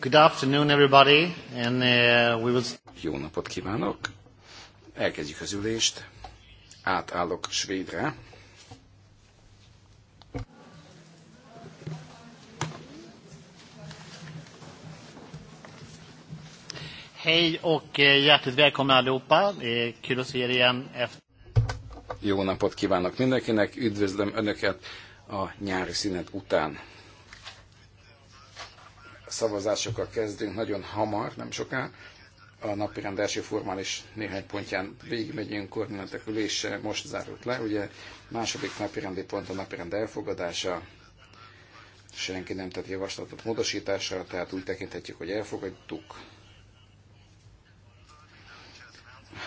Good afternoon, everybody, and uh, we will... Jó napot kívánok! Elkezdjük az ülést. Átállok svédre. Hej och eh, hjärtligt välkomna allihopa. Det är kul att se er igen efter... Jó napot kívánok mindenkinek, üdvözlöm Önöket a nyári szünet után. Szavazásokkal kezdünk nagyon hamar, nem soká. A rend első formális néhány pontján végigmegyünk, koordinátok ülése most zárult le. Ugye második napirendi pont a napirend elfogadása, senki nem tett javaslatot módosításra, tehát úgy tekinthetjük, hogy elfogadtuk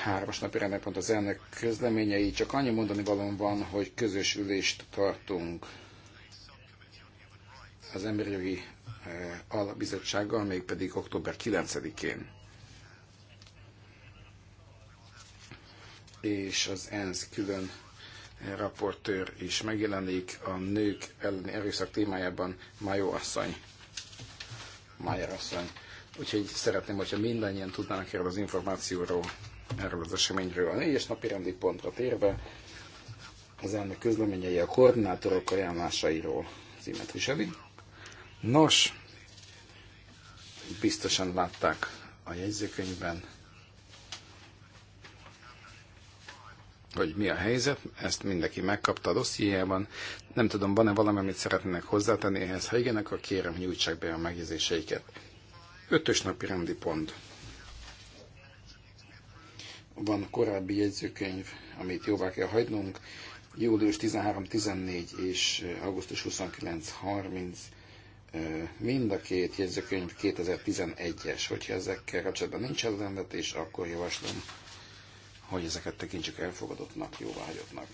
hármas napi rendpont az elnök közleményei. Csak annyi mondani valóban van, hogy közös ülést tartunk az Emberi Jogi eh, Alapbizottsággal, mégpedig október 9-én. És az ENSZ külön eh, raportőr is megjelenik a nők elleni erőszak témájában, Majó asszony. Májár asszony. Úgyhogy szeretném, hogyha mindannyian tudnának erről az információról erről az eseményről. A négyes napi rendi pontra térve az elnök közleményei a koordinátorok ajánlásairól címet viseli. Nos, biztosan látták a jegyzőkönyvben, hogy mi a helyzet, ezt mindenki megkapta a dossziéjában. Nem tudom, van-e valami, amit szeretnének hozzátenni ehhez, ha igen, akkor kérem, nyújtsák be a megjegyzéseiket. Ötös napi rendi pont. Van korábbi jegyzőkönyv, amit jóvá kell hagynunk. Július 13-14 és eh, augusztus 29-30 eh, mind a két jegyzőkönyv 2011-es. Hogyha ezekkel kapcsolatban nincs ellenvetés, akkor javaslom, hogy ezeket tekintsük elfogadottnak, jóváhagyottnak.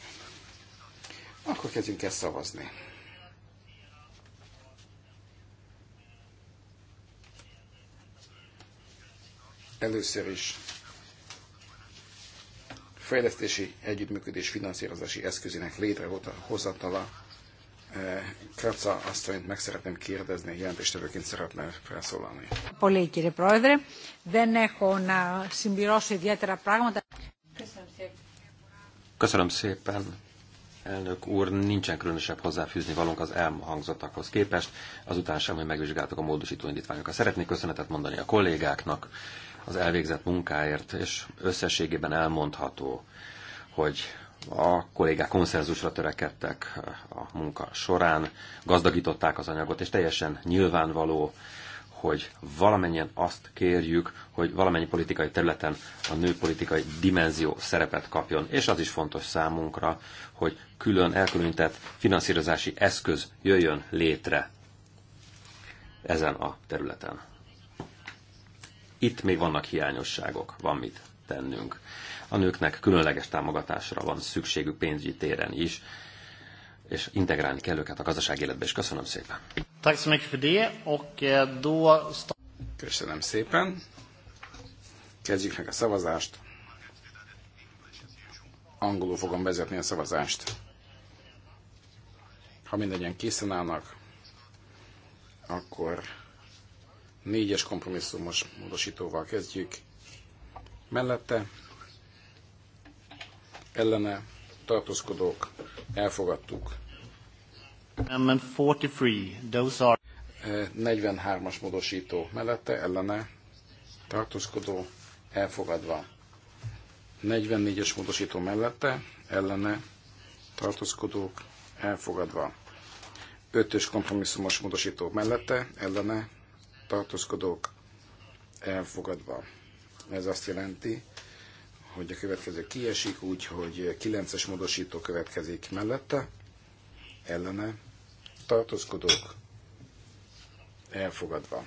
Akkor kezdjünk el szavazni. Először is fejlesztési együttműködés finanszírozási eszközének létrehozatala. Eh, Kratza asszonyt meg szeretném kérdezni, jelentéstevőként szeretne felszólalni. Köszönöm szépen. Elnök úr, nincsen különösebb hozzáfűzni valónk az elhangzottakhoz képest, azután sem, hogy megvizsgáltuk a módosító indítványokat. Szeretnék köszönetet mondani a kollégáknak, az elvégzett munkáért, és összességében elmondható, hogy a kollégák konszenzusra törekedtek eh, a munka során, gazdagították az anyagot, és teljesen nyilvánvaló, hogy valamennyien azt kérjük, hogy valamennyi politikai területen a nőpolitikai dimenzió szerepet kapjon. És az is fontos számunkra, hogy külön elkülönített finanszírozási eszköz jöjjön létre ezen a területen. Itt még vannak hiányosságok, van mit tennünk. A nőknek különleges támogatásra van szükségük pénzügyi téren is, és integrálni kell őket a gazdaság életbe, és köszönöm szépen. Eh, köszönöm szépen. Kezdjük meg a szavazást. Angolul fogom vezetni a szavazást. Ha mindegyen készen állnak, akkor Négyes kompromisszumos módosítóval kezdjük. Mellette ellene tartózkodók elfogadtuk. 43-as eh, módosító mellette ellene tartózkodó elfogadva. 44-es módosító mellette ellene tartózkodók elfogadva. 5-ös kompromisszumos módosító mellette ellene tartózkodók elfogadva. Ez azt jelenti, hogy a következő kiesik, úgyhogy 9-es módosító következik mellette, ellene tartózkodók elfogadva.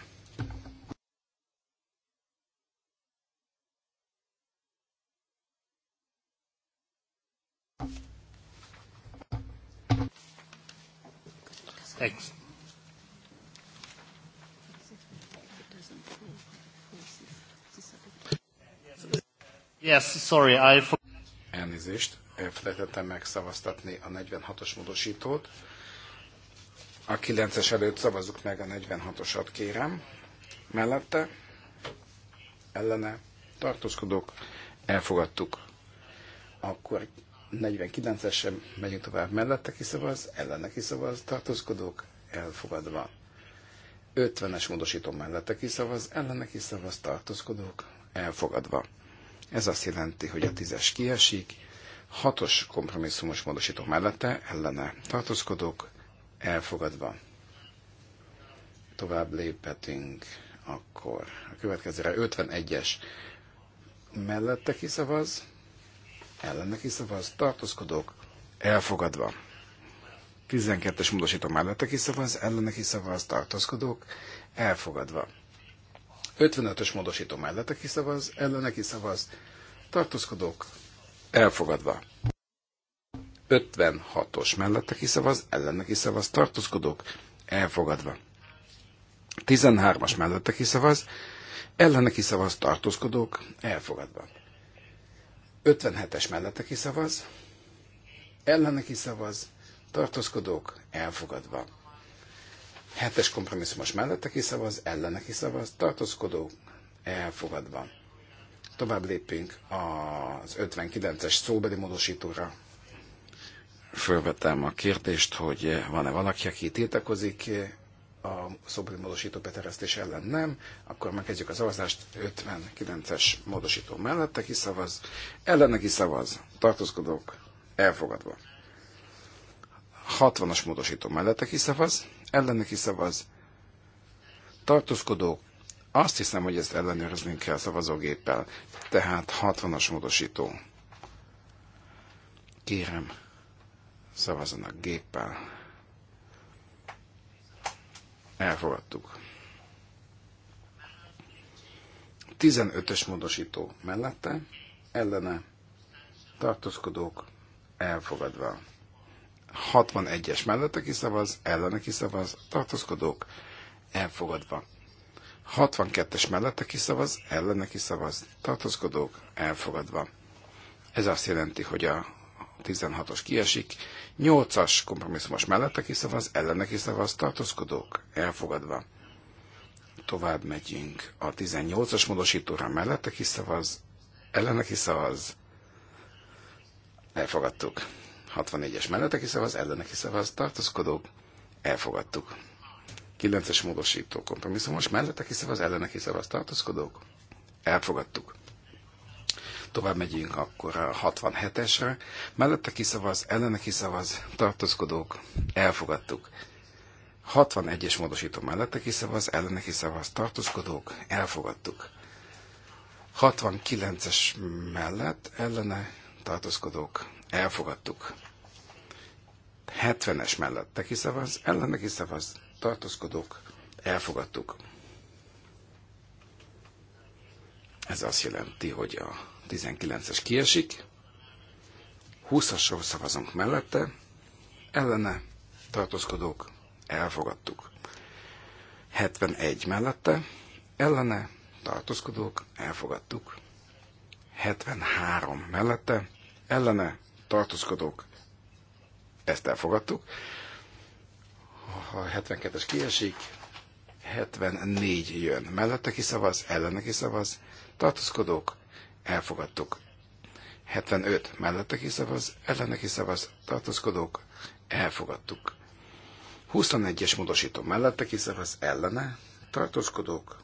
Thanks. Yes, sorry, I... Elnézést, elfelejtettem megszavaztatni a 46-os módosítót. A 9-es előtt szavazzuk meg a 46-osat, kérem. Mellette, ellene, tartózkodók, elfogadtuk. Akkor 49-esen megyünk tovább mellette kiszavaz, ellene kiszavaz, tartózkodók, elfogadva. 50-es módosító mellette kiszavaz, ellene kiszavaz, tartózkodók, elfogadva. Ez azt jelenti, hogy a tízes kiesik, hatos kompromisszumos módosítók mellette ellene tartózkodók elfogadva. Tovább léphetünk akkor a következőre 51-es mellette kiszavaz, ellene kiszavaz, tartózkodók elfogadva. 12-es módosító mellette kiszavaz, ellene kiszavaz, tartózkodók elfogadva. 55-ös módosító mellette kiszavaz, ellene kiszavaz, tartózkodók elfogadva. 56-os mellette kiszavaz, ellene kiszavaz, tartózkodók elfogadva. 13-as mellette kiszavaz, ellene kiszavaz, tartózkodók elfogadva. 57-es mellette kiszavaz, ellene kiszavaz, tartózkodók elfogadva. Hetes kompromisszumos mellette kiszavaz, ellene kiszavaz, tartózkodó elfogadva. Tovább lépünk az 59-es szóbeli módosítóra. Fölvetem a kérdést, hogy van-e valaki, aki tiltakozik a szóbeli módosító beteresztés ellen nem, akkor megkezdjük a szavazást 59-es módosító mellette kiszavaz, ellene kiszavaz, tartózkodók elfogadva. 60-as módosító mellette kiszavaz, ellene kiszavaz, tartózkodók, azt hiszem, hogy ezt ellenőriznünk kell szavazógéppel. Tehát 60-as módosító. Kérem, szavazanak géppel. Elfogadtuk. 15-ös módosító mellette, ellene tartózkodók elfogadva. 61-es mellette kiszavaz, ellene kiszavaz, tartózkodók elfogadva. 62-es mellette kiszavaz, ellene kiszavaz, tartózkodók elfogadva. Ez azt jelenti, hogy a 16-os kiesik, 8-as kompromisszumos mellette kiszavaz, ellene kiszavaz, tartózkodók elfogadva. Tovább megyünk a 18-as módosítóra mellette kiszavaz, ellene kiszavaz, elfogadtuk. 64-es mellette kiszavaz, ellene szavaz, tartózkodók, elfogadtuk. 9-es módosító kompromisszumos mellette kiszavaz, ellene szavaz, tartózkodók, elfogadtuk. Tovább megyünk akkor a 67-esre. Mellette kiszavaz, ellene kiszavaz, tartózkodók, elfogadtuk. 61-es módosító mellette kiszavaz, ellene kiszavaz, tartózkodók, elfogadtuk. 69-es mellett ellene tartózkodók, elfogadtuk. 70-es mellett mellette kiszavaz, neki szavaz, tartózkodók, elfogadtuk. Ez azt jelenti, hogy a 19-es kiesik, 20-asról szavazunk mellette, ellene tartózkodók, elfogadtuk. 71 mellette, ellene tartózkodók, elfogadtuk. 73 mellette, ellene tartózkodók, ezt elfogadtuk. A 72-es kiesik, 74 jön. Mellette kiszavaz, ellene kiszavaz, tartózkodók, elfogadtuk. 75 mellette kiszavaz, ellene kiszavaz, tartózkodók, elfogadtuk. 21-es módosító mellette kiszavaz, ellene, tartózkodók,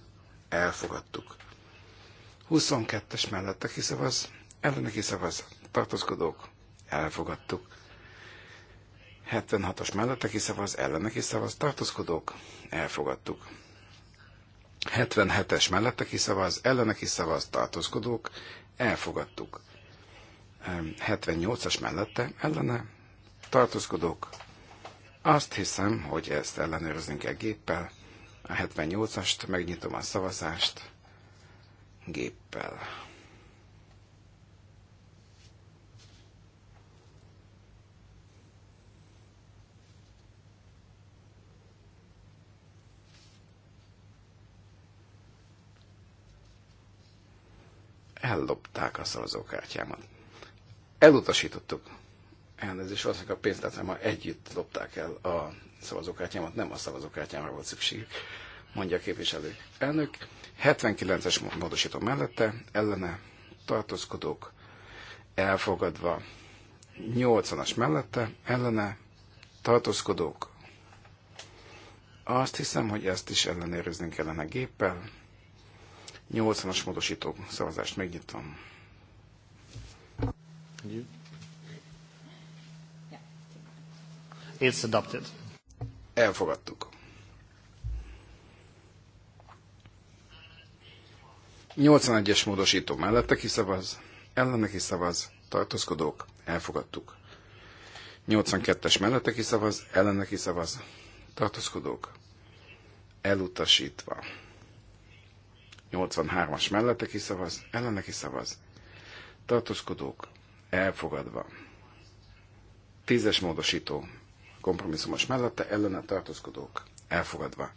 elfogadtuk. 22-es mellette kiszavaz, ellene kiszavaz, tartózkodók, elfogadtuk. 76-os mellette kiszavaz, ellene kiszavaz, tartózkodók, elfogadtuk. 77-es mellette kiszavaz, ellene kiszavaz, tartózkodók, elfogadtuk. 78-as mellette, ellene, tartózkodók, azt hiszem, hogy ezt ellenőrzünk egy géppel. A 78-ast, megnyitom a szavazást géppel. ellopták a szavazókártyámat. Elutasítottuk. Elnézést, valószínűleg a pénztárcámmal együtt lopták el a szavazókártyámat, nem a szavazókártyámra volt szükség, mondja a képviselő elnök. 79-es módosító mellette, ellene tartózkodók elfogadva. 80-as mellette, ellene tartózkodók. Azt hiszem, hogy ezt is ellenőriznünk kellene géppel. 80-as módosító szavazást megnyitom. It's adopted. Elfogadtuk. 81-es módosító mellette szavaz, ellene szavaz, tartózkodók, elfogadtuk. 82-es mellette kiszavaz, ellene kiszavaz, tartózkodók, elutasítva. 83-as mellette kiszavaz, ellene kiszavaz. Tartózkodók elfogadva. Tízes módosító kompromisszumos mellette, ellene tartózkodók elfogadva.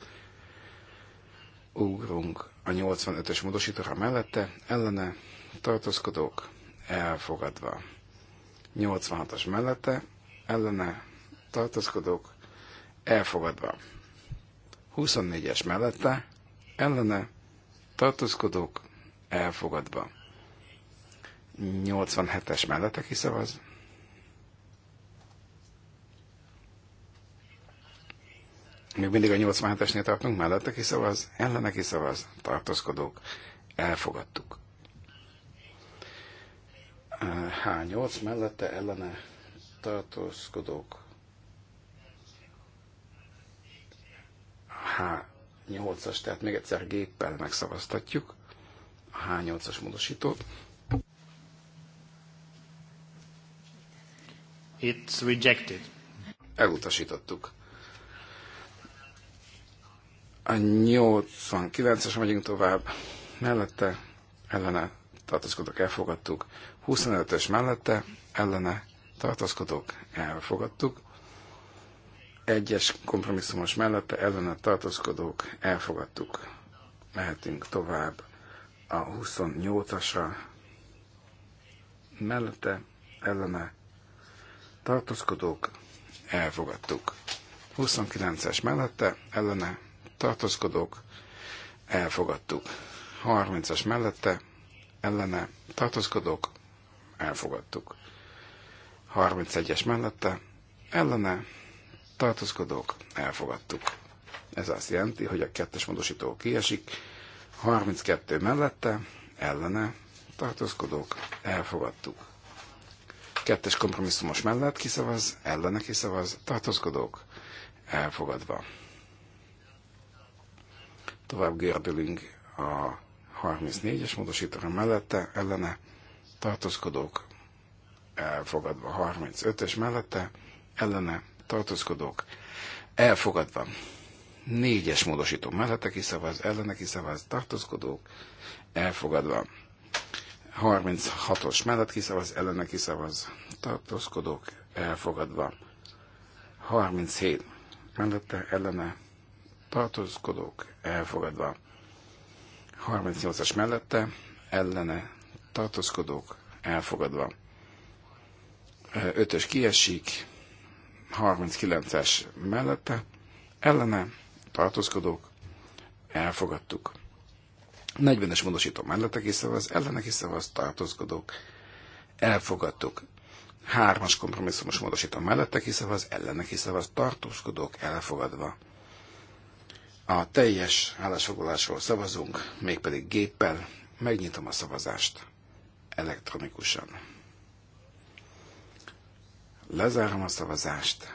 Ugrunk a 85-ös módosítóra mellette, ellene tartózkodók elfogadva. 86-as mellette, ellene tartózkodók elfogadva. 24-es mellette, ellene tartózkodók elfogadva. 87-es mellette kiszavaz. Még mindig a 87-esnél tartunk, mellette kiszavaz, ellene kiszavaz, tartózkodók, elfogadtuk. H8 mellette ellene tartózkodók. H 8 as tehát még egyszer géppel megszavaztatjuk a H8-as módosítót. It's rejected. Elutasítottuk. A 89-es megyünk tovább, mellette, ellene tartozkodok elfogadtuk, 25-ös mellette, ellene tartozkodok elfogadtuk, egyes kompromisszumos mellette ellene tartózkodók elfogadtuk. Mehetünk tovább a 28-asra. Mellette ellene tartózkodók elfogadtuk. 29-es mellette ellene tartózkodók elfogadtuk. 30-as mellette ellene tartózkodók elfogadtuk. 31-es mellette ellene tartózkodók, elfogadtuk. Ez azt jelenti, hogy a kettes módosító kiesik, 32 mellette, ellene, tartózkodók, elfogadtuk. Kettes kompromisszumos mellett kiszavaz, ellene kiszavaz, tartózkodók, elfogadva. Tovább gördülünk a 34-es módosítóra mellette, ellene, tartózkodók, elfogadva 35 es mellette, ellene tartózkodók, elfogadva. Négyes módosító mellette kiszavaz, ellene kiszavaz, tartózkodók, elfogadva. 36-os mellett kiszavaz, ellene kiszavaz, tartózkodók, elfogadva. 37 mellette, ellene, tartózkodók, elfogadva. 38-as mellette, ellene, tartózkodók, elfogadva. 5-ös kiesik, 39-es mellette, ellene tartózkodók, elfogadtuk. 40-es módosító mellette kiszavaz, ellene kiszavaz, tartózkodók, elfogadtuk. 3-as kompromisszumos módosító mellette kiszavaz, ellene kiszavaz, tartózkodók, elfogadva. A teljes állásfoglalásról szavazunk, mégpedig géppel, megnyitom a szavazást elektronikusan. Lezárom a szavazást.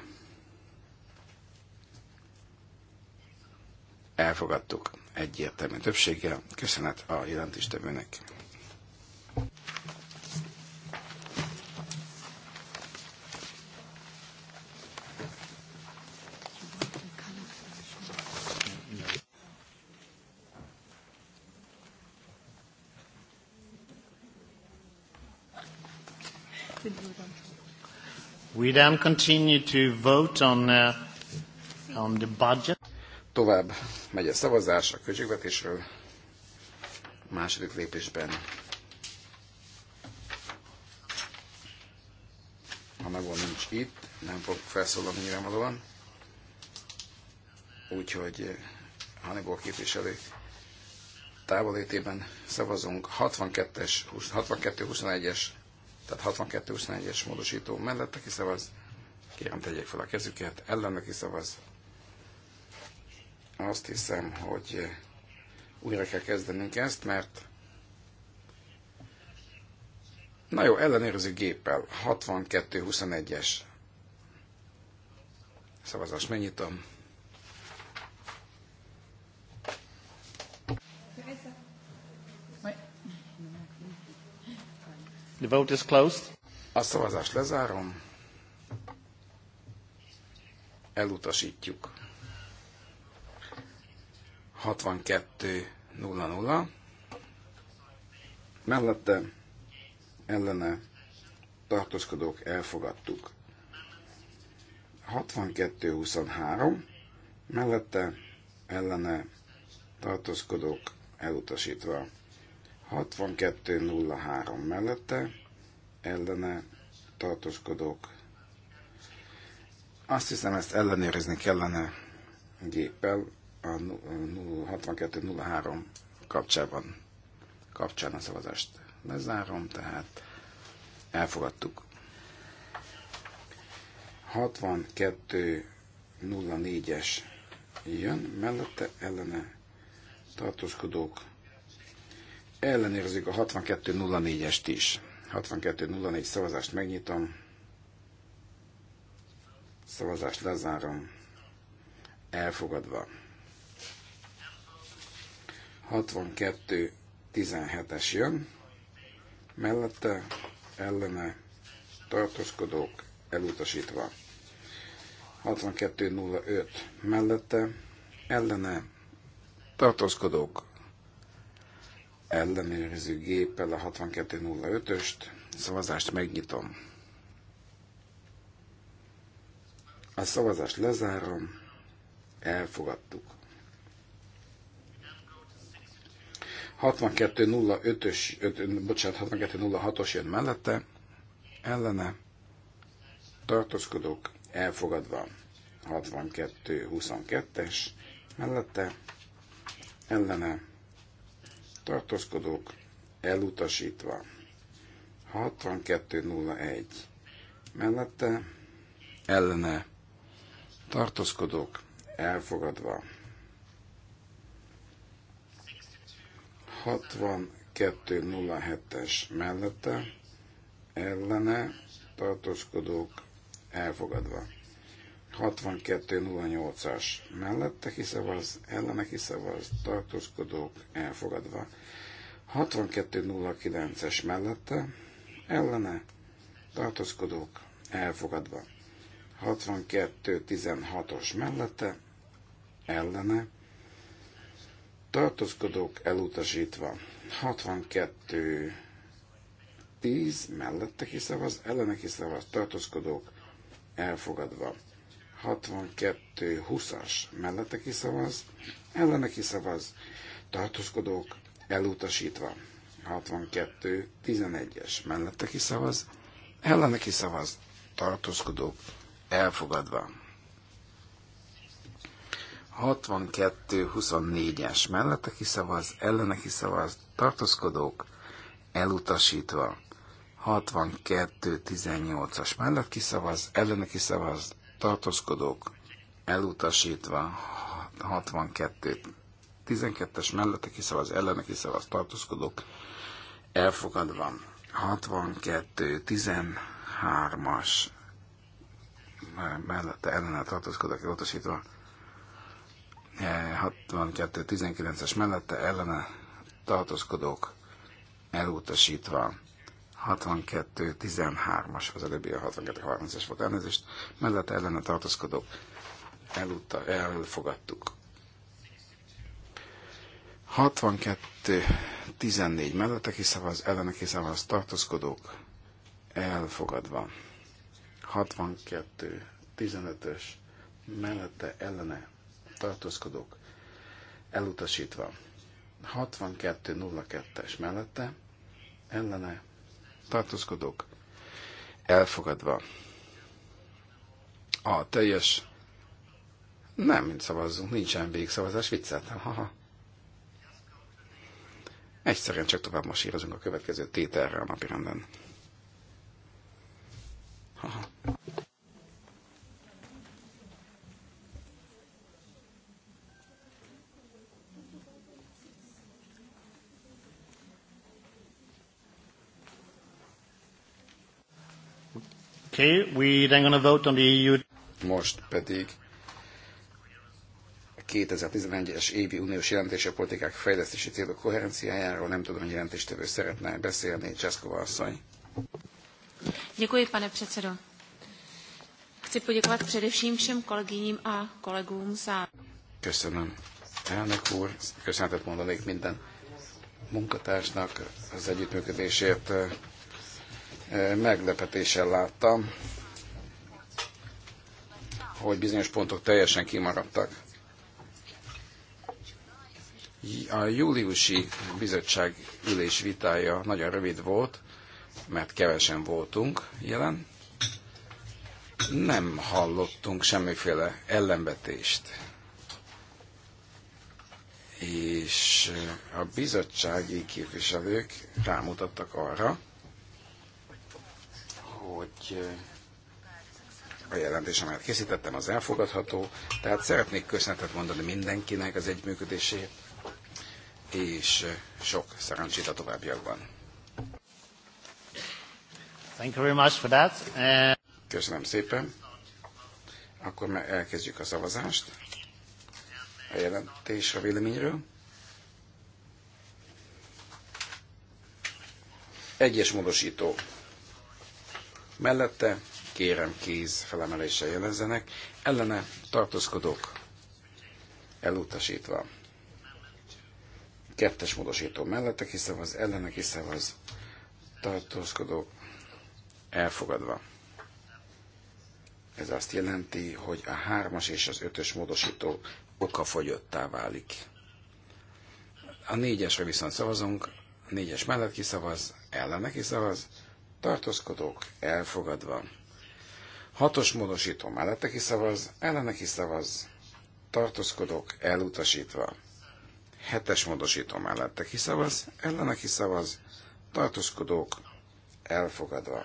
Elfogadtuk egyértelmű többséggel. Köszönet a jelentéstevőnek. We then continue to vote on, uh, on the budget. Tovább megy a szavazás a költségvetésről. Második lépésben ha megvan nincs itt, nem fog felszólalni nyilvánvalóan. Úgyhogy eh, Hannibal képviselő távolétében szavazunk 62-es, 62-21-es tehát 62 24 es módosító mellette kiszavaz, kérem tegyék fel a kezüket, ellene kiszavaz. Azt hiszem, hogy újra kell kezdenünk ezt, mert Na jó, ellenőrző géppel, 62-21-es szavazás, tudom. The vote is closed. A szavazást lezárom. Elutasítjuk. 62.00 mellette ellene tartózkodók elfogadtuk. 62-23 mellette ellene tartózkodók elutasítva. 6203 mellette ellene tartózkodók. Azt hiszem, ezt ellenőrizni kellene géppel a 6203 kapcsában, kapcsán a szavazást lezárom, tehát elfogadtuk. 6204-es jön, mellette ellene tartózkodók ellenőrzik a 6204-est is. 6204 szavazást megnyitom. Szavazást lezárom. Elfogadva. 6217-es jön. Mellette ellene tartózkodók elutasítva. 6205 mellette ellene tartózkodók ellenőrző géppel a 6205-öst. Szavazást megnyitom. A szavazást lezárom. Elfogadtuk. 6205-ös, bocsánat, 6206-os jön mellette, ellene, tartózkodok, elfogadva. 6222-es, mellette, ellene, tartózkodók elutasítva. 6201 mellette ellene tartózkodók elfogadva. 6207-es mellette ellene tartózkodók elfogadva. 6208-as mellette kiszavaz, ellene kiszavaz, tartózkodók elfogadva. 6209-es mellette, ellene, tartózkodók elfogadva. 6216-os mellette, ellene, tartózkodók elutasítva. 6210 mellette kiszavaz, ellene kiszavaz, tartózkodók elfogadva. 62-20-as mellette kiszavaz, ellene kiszavaz, tartózkodók elutasítva. 62-11-es mellette kiszavaz, ellene kiszavaz, tartózkodók elfogadva. 62-24-es mellette kiszavaz, ellene kiszavaz, tartózkodók elutasítva. 62-18-as mellett kiszavaz, ellene kiszavaz, tartózkodók elutasítva 62 12-es mellette kiszavaz, ellene kiszavaz, tartózkodók elfogadva 62 13-as mellette ellene tartózkodók elutasítva 62 eh, 19-es mellette ellene tartózkodók elutasítva 62-13-as, az előbbi a 62-30-as volt elnézést, mellett ellene tartózkodók elutta, elfogadtuk. 62-14 mellette kiszavaz, ellene kiszavaz tartózkodók elfogadva. 62-15-ös mellette ellene tartózkodók elutasítva. 62-02-es mellette ellene tartózkodók elfogadva. A teljes... Nem, mint szavazzunk, nincsen végszavazás, vicceltem, haha. Egyszerűen csak tovább masírozunk a következő tételre a napirenden. Haha. Okay, we then gonna vote on the EU. Most pedig 2011-es évi uniós jelentése politikák fejlesztési célok koherenciájáról nem tudom, hogy jelentéstevő szeretne beszélni, Cseszkova asszony. Děkuji, pane předsedo. Chci poděkovat především všem kolegyním a kolegům za... Köszönöm. Elnök úr, köszönetet mondanék minden munkatársnak az együttműködésért, meglepetéssel láttam, hogy bizonyos pontok teljesen kimaradtak. A júliusi bizottság ülés vitája nagyon rövid volt, mert kevesen voltunk jelen. Nem hallottunk semmiféle ellenvetést. És a bizottsági képviselők rámutattak arra, hogy eh, a jelentés, amelyet készítettem, az elfogadható. Tehát szeretnék köszönetet mondani mindenkinek az együttműködését, és eh, sok szerencsét a továbbiakban. Thank you very much for that. Eh, Köszönöm szépen. Akkor már elkezdjük a szavazást. A jelentés a véleményről. Egyes módosító mellette, kérem kéz felemeléssel jelezzenek, ellene tartózkodók elutasítva. Kettes módosító mellette kiszavaz, ellene kiszavaz, tartózkodók elfogadva. Ez azt jelenti, hogy a hármas és az ötös módosító okafogyottá válik. A négyesre viszont szavazunk, a négyes mellett kiszavaz, ellene kiszavaz, tartózkodók elfogadva. Hatos módosító mellette kiszavaz, ellene kiszavaz, tartózkodók elutasítva. Hetes módosító mellette kiszavaz, ellene kiszavaz, tartózkodók elfogadva.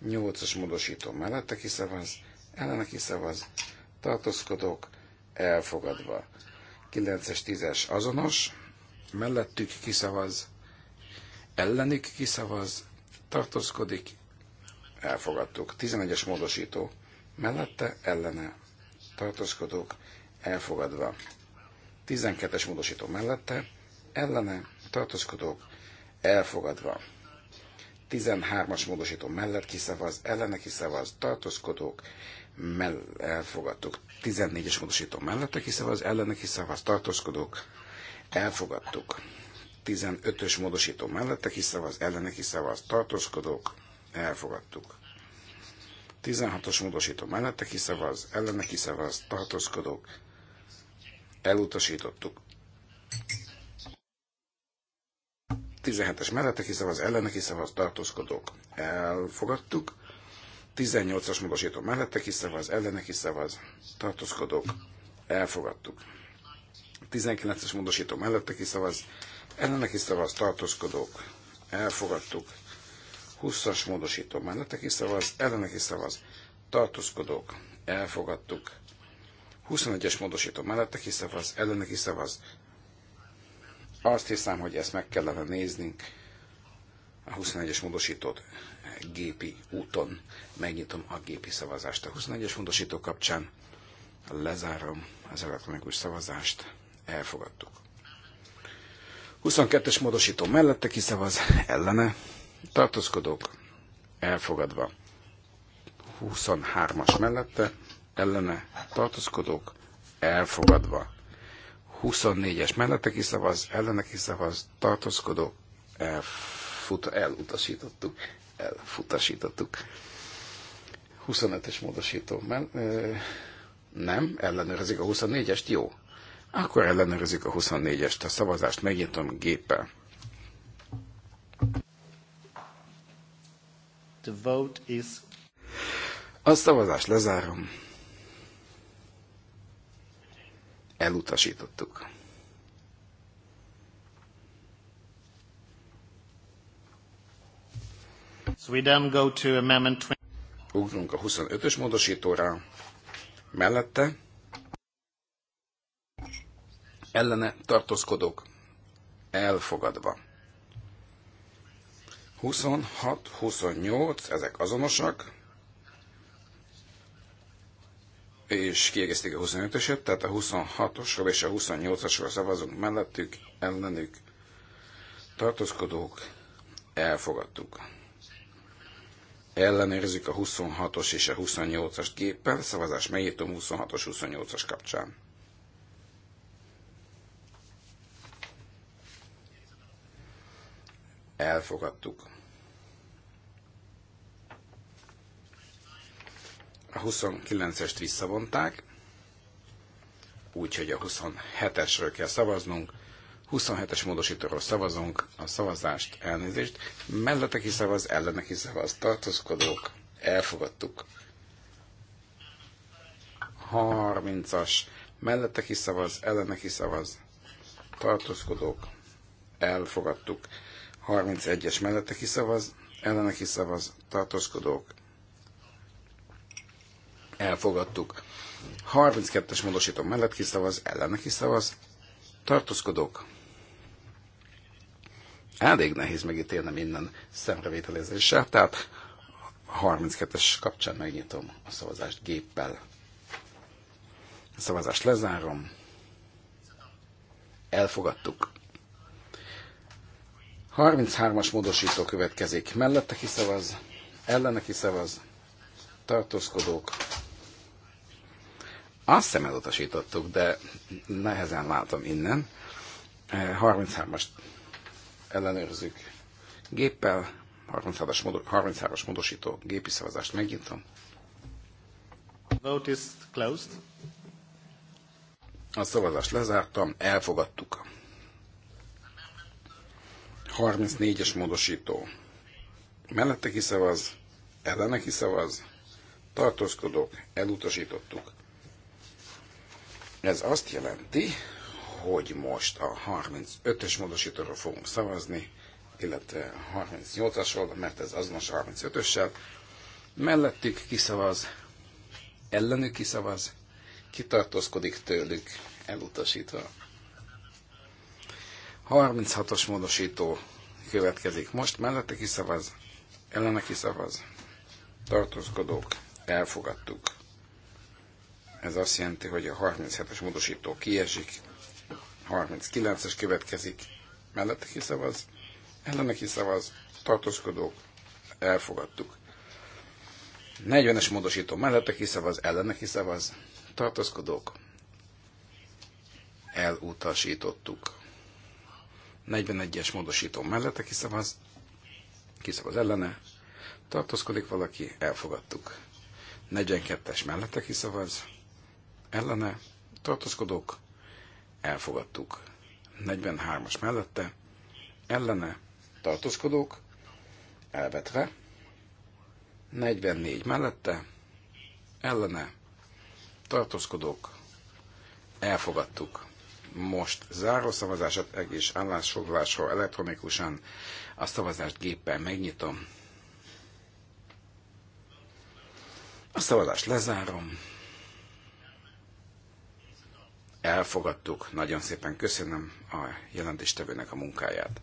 Nyolcas módosító mellette kiszavaz, ellene kiszavaz, tartózkodók elfogadva. 9-es, 10-es azonos, mellettük kiszavaz, ellenük kiszavaz, tartózkodik, elfogadtuk. 11-es módosító mellette ellene tartózkodók elfogadva. 12-es módosító mellette ellene tartózkodók elfogadva. 13-as módosító mellett kiszavaz, ellene kiszavaz, tartózkodók, mell elfogadtuk. 14-es módosító mellette kiszavaz, ellene kiszavaz, tartózkodók, elfogadtuk. 15-ös módosító mellette kiszavaz, ellene kiszavaz, tartózkodók, elfogadtuk. 16-os módosító mellette kiszavaz, ellene kiszavaz, tartózkodók, elutasítottuk. 17-es mellette kiszavaz, ellene kiszavaz, tartózkodók, elfogadtuk. 18-as módosító mellette kiszavaz, ellene kiszavaz, tartózkodók, elfogadtuk. 19-es módosító mellette kiszavaz, ellenek szavaz tartózkodók, elfogadtuk. 20-as módosító mellette kiszavaz, ellenek szavaz tartózkodók, elfogadtuk. 21-es módosító mellette kiszavaz, is szavaz. Azt hiszem, hogy ezt meg kellene néznünk, a 21-es módosítót gépi úton. Megnyitom a gépi szavazást a 21-es módosító kapcsán, lezárom az elektronikus szavazást, elfogadtuk. 22-es módosító mellette kiszavaz, ellene, tartózkodók, elfogadva. 23-as mellette, ellene, tartózkodók, elfogadva. 24-es mellette kiszavaz, ellene kiszavaz, tartózkodók, elfut, elutasítottuk, elfutasítottuk. 25-es módosító mell- nem, ellenőrzik a 24-est, jó, akkor ellenőrizzük a 24-est, a szavazást megnyitom géppel. The vote is... A szavazást lezárom. Elutasítottuk. So we then go to amendment 20. Ugrunk a 25-ös módosítóra. Mellette ellene tartózkodók elfogadva. 26, 28, ezek azonosak, és kiegészítik a 25-öset, tehát a 26-osról és a 28-osról szavazunk mellettük, ellenük tartózkodók, elfogadtuk. Ellenőrzik a 26-os és a 28-as géppel, szavazás megírtom 26-os, 28-as kapcsán. elfogadtuk. A 29-est visszavonták, úgyhogy a 27-esről kell szavaznunk. 27-es módosítóról szavazunk, a szavazást, elnézést, mellette ki szavaz, ellene ki szavaz, tartózkodók, elfogadtuk. 30-as, mellette ki szavaz, ellene ki szavaz, tartózkodók, elfogadtuk. 31-es mellette kiszavaz, ellene kiszavaz, tartózkodók. Elfogadtuk. 32-es módosító mellett kiszavaz, ellene kiszavaz, tartózkodók. Hát elég nehéz megítélnem innen szemrevételézéssel, tehát 32-es kapcsán megnyitom a szavazást géppel. A szavazást lezárom. Elfogadtuk. 33-as módosító következik. Mellette kiszavaz, ellene kiszavaz, tartózkodók. Azt hiszem elutasítottuk, de nehezen látom innen. 33-as eh, ellenőrzzük géppel, 33-as, 33-as módosító gépi szavazást megnyitom. Vote is closed. A szavazást lezártam, elfogadtuk. 34-es módosító. Mellette kiszavaz, ellene kiszavaz, tartózkodok, elutasítottuk. Ez azt jelenti, hogy most a 35-ös módosítóról fogunk szavazni, illetve 38-asról, mert ez azonos 35-össel. Mellettük kiszavaz, ellenük kiszavaz, kitartózkodik tőlük, elutasítva. 36-os módosító következik most, mellette kiszavaz, ellene kiszavaz, tartózkodók, elfogadtuk. Ez azt jelenti, hogy a 37-es módosító kiesik, 39-es következik, mellette kiszavaz, ellene kiszavaz, tartózkodók, elfogadtuk. 40-es módosító mellette kiszavaz, ellene kiszavaz, tartózkodók, elutasítottuk. 41-es módosító mellette kiszavaz, kiszavaz ellene, tartózkodik valaki, elfogadtuk. 42-es mellette kiszavaz, ellene, tartózkodók, elfogadtuk. 43-as mellette, ellene, tartózkodók, elvetve, 44 mellette, ellene, tartózkodók, elfogadtuk most záró szavazását egész állásfoglalásról elektronikusan a szavazást géppel megnyitom. A szavazást lezárom. Elfogadtuk. Nagyon szépen köszönöm a jelentéstevőnek a munkáját.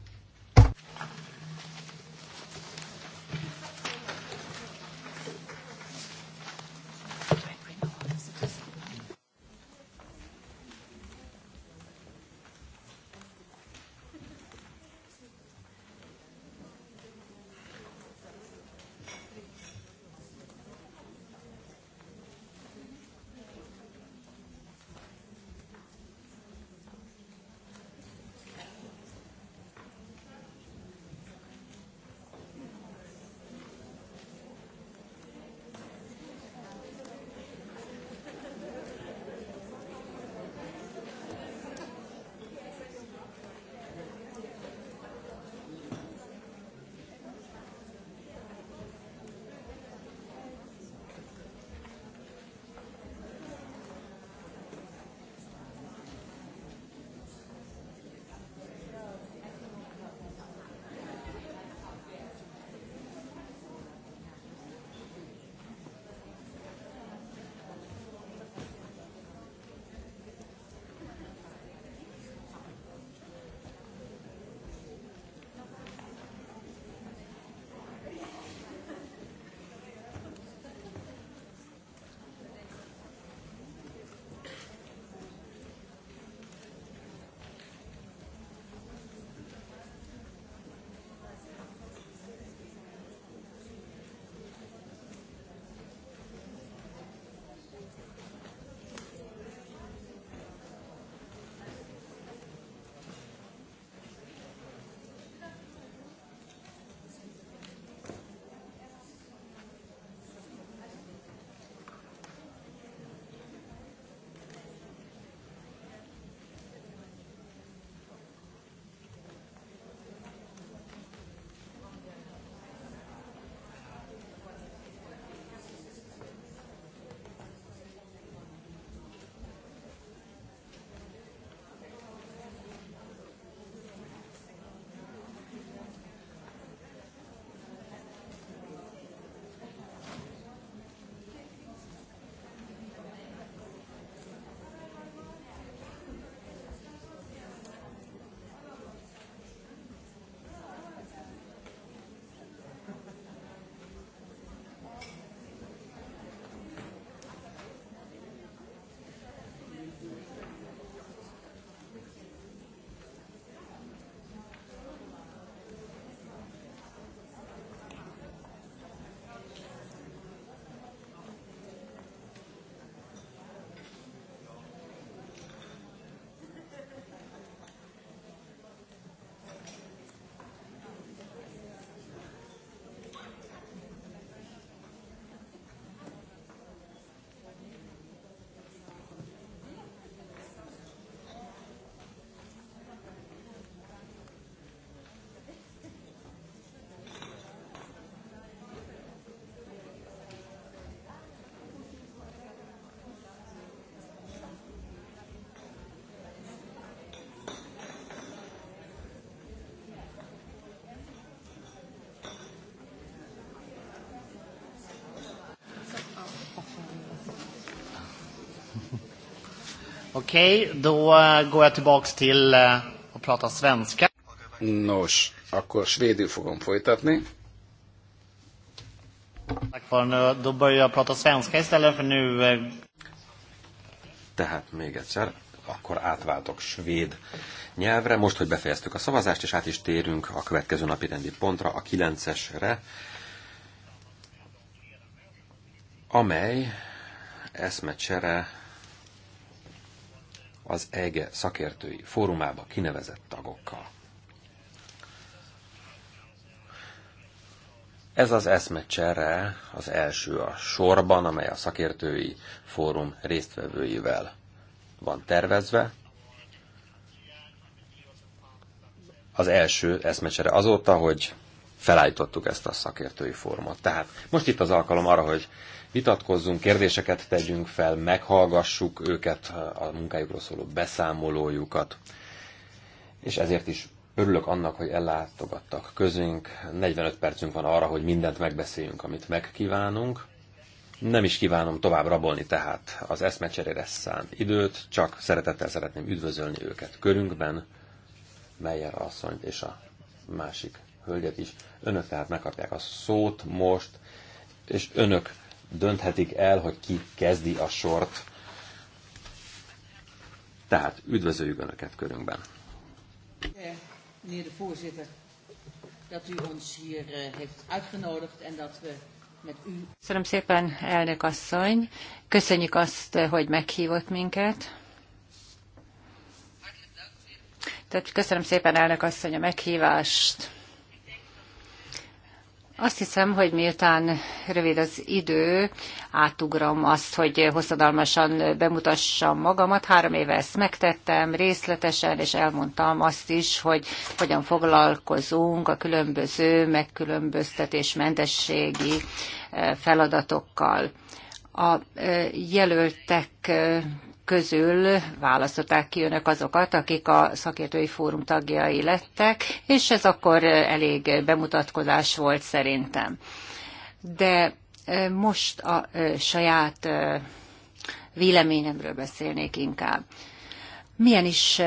Okej, okay, då eh, går jag tillbaks till eh, att prata svenska. Nos, akkor svédül fogom folytatni. Tack för nu. Då börjar jag prata svenska istället för nu... Eh, Tehát még egyszer, akkor átváltok svéd nyelvre. Most, hogy befejeztük a szavazást, és át is térünk a következő napi rendi pontra, a 9-esre, amely eszmecsere az EGE e szakértői fórumába kinevezett tagokkal. Ez az eszmecsere az első a sorban, amely a szakértői fórum résztvevőivel van tervezve. Az első eszmecsere azóta, hogy felállítottuk ezt a szakértői fórumot. Tehát most itt az alkalom arra, hogy vitatkozzunk, kérdéseket tegyünk fel, meghallgassuk őket, a munkájukról szóló beszámolójukat. És ezért is örülök annak, hogy ellátogattak közünk. 45 percünk van arra, hogy mindent megbeszéljünk, amit megkívánunk. Nem is kívánom tovább rabolni tehát az eszmecserére szánt időt, csak szeretettel szeretném üdvözölni őket körünkben, Meyer asszonyt és a másik hölgyet is. Önök tehát megkapják a szót most, és önök dönthetik el, hogy ki kezdi a sort. Tehát üdvözöljük Önöket körünkben. Meneer de voorzitter, dat u ons hier eh, heeft uitgenodigd en dat we met u... Köszönöm szépen, elnök asszony. Köszönjük azt, eh, hogy meghívott minket. Tehát köszönöm szépen, elnök asszony, a meghívást. Azt hiszem, hogy miután rövid az idő, átugrom azt, hogy hosszadalmasan bemutassam magamat. Három éve ezt megtettem részletesen, és elmondtam azt is, hogy hogyan foglalkozunk a különböző megkülönböztetésmentességi eh, feladatokkal. A eh, jelöltek eh, közül választották ki önök azokat, akik a szakértői fórum tagjai lettek, és ez akkor elég bemutatkozás volt szerintem. De most a saját véleményemről beszélnék inkább. Milyen is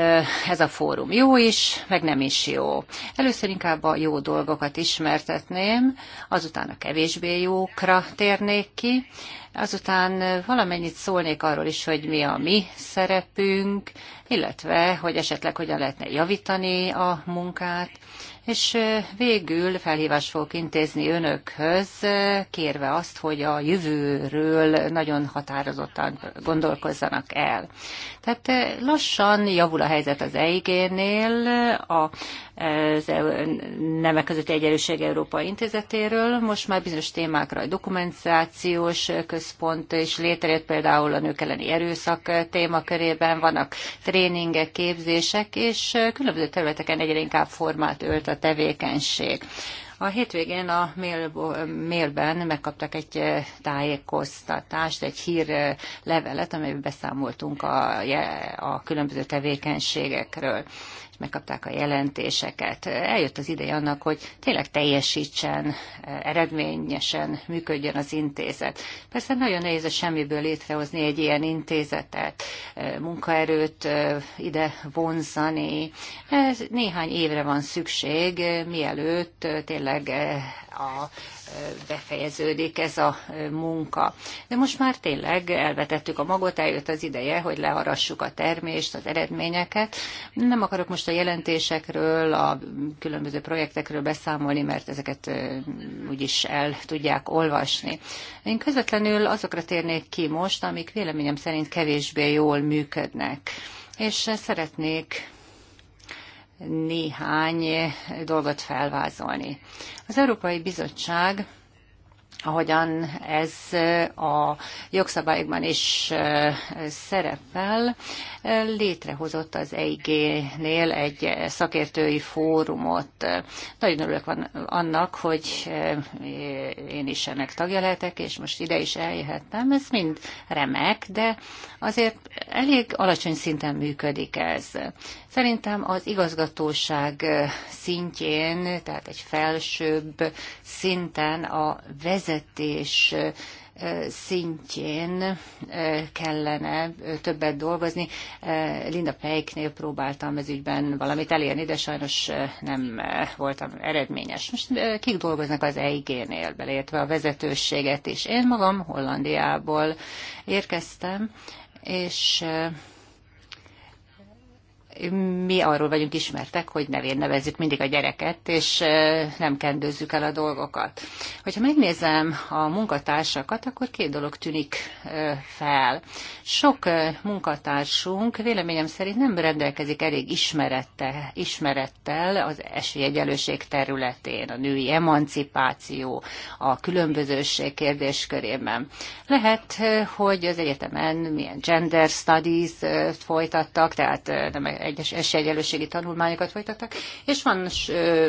ez a fórum? Jó is, meg nem is jó. Először inkább a jó dolgokat ismertetném, azután a kevésbé jókra térnék ki, Azután valamennyit szólnék arról is, hogy mi a mi szerepünk, illetve hogy esetleg hogyan lehetne javítani a munkát. És végül felhívást fogok intézni önökhöz, kérve azt, hogy a jövőről nagyon határozottan gondolkozzanak el. Tehát lassan javul a helyzet az EIG-nél, a az e Nemek közötti Egyenlőség Európa Intézetéről. Most már bizonyos témákra egy dokumentációs központ is létrejött, például a nők elleni erőszak témakörében vannak tréningek, képzések, és különböző területeken egyre inkább formát ölt a tevékenység. A hétvégén a mailben megkaptak egy tájékoztatást, egy hírlevelet, amelyben beszámoltunk a, a különböző tevékenységekről megkapták a jelentéseket. Eljött az ideje annak, hogy tényleg teljesítsen, eredményesen működjön az intézet. Persze nagyon nehéz a semmiből létrehozni egy ilyen intézetet, munkaerőt ide vonzani. Ez néhány évre van szükség, mielőtt tényleg a befejeződik ez a munka. De most már tényleg elvetettük a magot, eljött az ideje, hogy leharassuk a termést, az eredményeket. Nem akarok most a jelentésekről, a különböző projektekről beszámolni, mert ezeket úgyis el tudják olvasni. Én közvetlenül azokra térnék ki most, amik véleményem szerint kevésbé jól működnek. És szeretnék néhány dolgot felvázolni. Az Európai Bizottság ahogyan ez a jogszabályokban is szerepel, létrehozott az EIG-nél egy szakértői fórumot. Nagyon örülök van annak, hogy én is ennek tagja lehetek, és most ide is eljöhettem. Ez mind remek, de azért elég alacsony szinten működik ez. Szerintem az igazgatóság szintjén, tehát egy felsőbb szinten a vezetés szintjén kellene többet dolgozni. Linda Peiknél próbáltam ez ügyben valamit elérni, de sajnos nem voltam eredményes. Most kik dolgoznak az EIG-nél, beleértve a vezetőséget is. Én magam Hollandiából érkeztem, és mi arról vagyunk ismertek, hogy nevén nevezzük mindig a gyereket, és nem kendőzzük el a dolgokat. Hogyha megnézem a munkatársakat, akkor két dolog tűnik fel. Sok munkatársunk véleményem szerint nem rendelkezik elég ismerette, ismerettel az esélyegyelőség területén, a női emancipáció, a különbözőség kérdéskörében. Lehet, hogy az egyetemen milyen gender studies folytattak, tehát nem egyes esélyegyenlőségi tanulmányokat folytattak, és van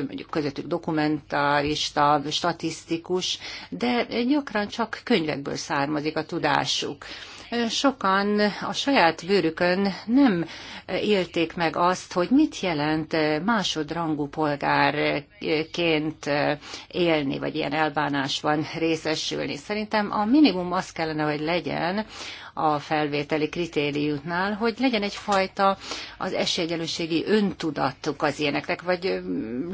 mondjuk közöttük dokumentarista, statisztikus, de gyakran csak könyvekből származik a tudásuk sokan a saját bőrükön nem élték meg azt, hogy mit jelent másodrangú polgárként élni, vagy ilyen elbánásban részesülni. Szerintem a minimum az kellene, hogy legyen, a felvételi kritériumnál, hogy legyen egyfajta az esélyegyelőségi öntudatuk az ilyeneknek, vagy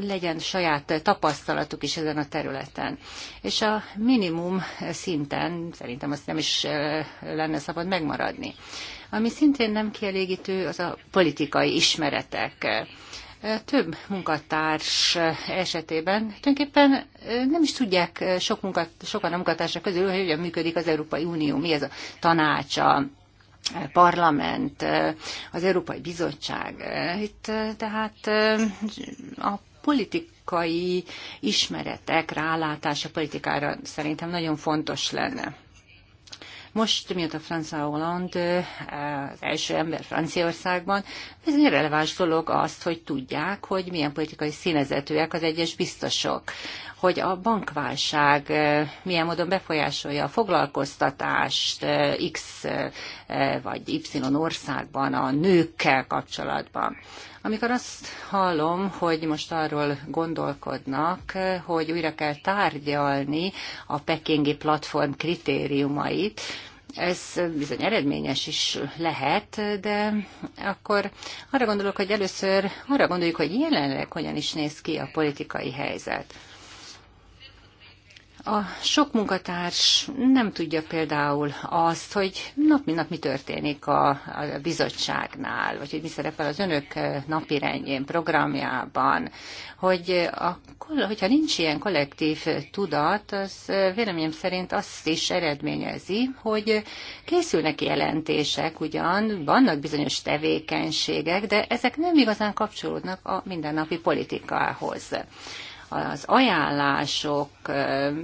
legyen saját tapasztalatuk is ezen a területen. És a minimum szinten szerintem azt nem is lenne szabad megmaradni. Ami szintén nem kielégítő, az a politikai ismeretek több munkatárs esetében tulajdonképpen nem is tudják sok munkat, sokan a munkatársak közül, hogy hogyan működik az Európai Unió, mi ez a tanácsa, parlament, az Európai Bizottság. Itt tehát a politikai ismeretek, rálátás a politikára szerintem nagyon fontos lenne. Most, mióta François Hollande az első ember Franciaországban, ez egy releváns dolog azt, hogy tudják, hogy milyen politikai színezetűek az egyes biztosok, hogy a bankválság eh, milyen módon befolyásolja a foglalkoztatást eh, X eh, vagy Y országban a nőkkel kapcsolatban. Amikor azt hallom, hogy most arról gondolkodnak, hogy újra kell tárgyalni a pekingi platform kritériumait, ez bizony eredményes is lehet, de akkor arra gondolok, hogy először arra gondoljuk, hogy jelenleg hogyan is néz ki a politikai helyzet. A sok munkatárs nem tudja például azt, hogy nap mint nap mi történik a, a bizottságnál, vagy hogy mi szerepel az önök eh, napirendjén, programjában, hogy a, hogyha nincs ilyen kollektív tudat, az eh, véleményem szerint azt is eredményezi, hogy készülnek jelentések, ugyan vannak bizonyos tevékenységek, de ezek nem igazán kapcsolódnak a mindennapi politikához az ajánlások,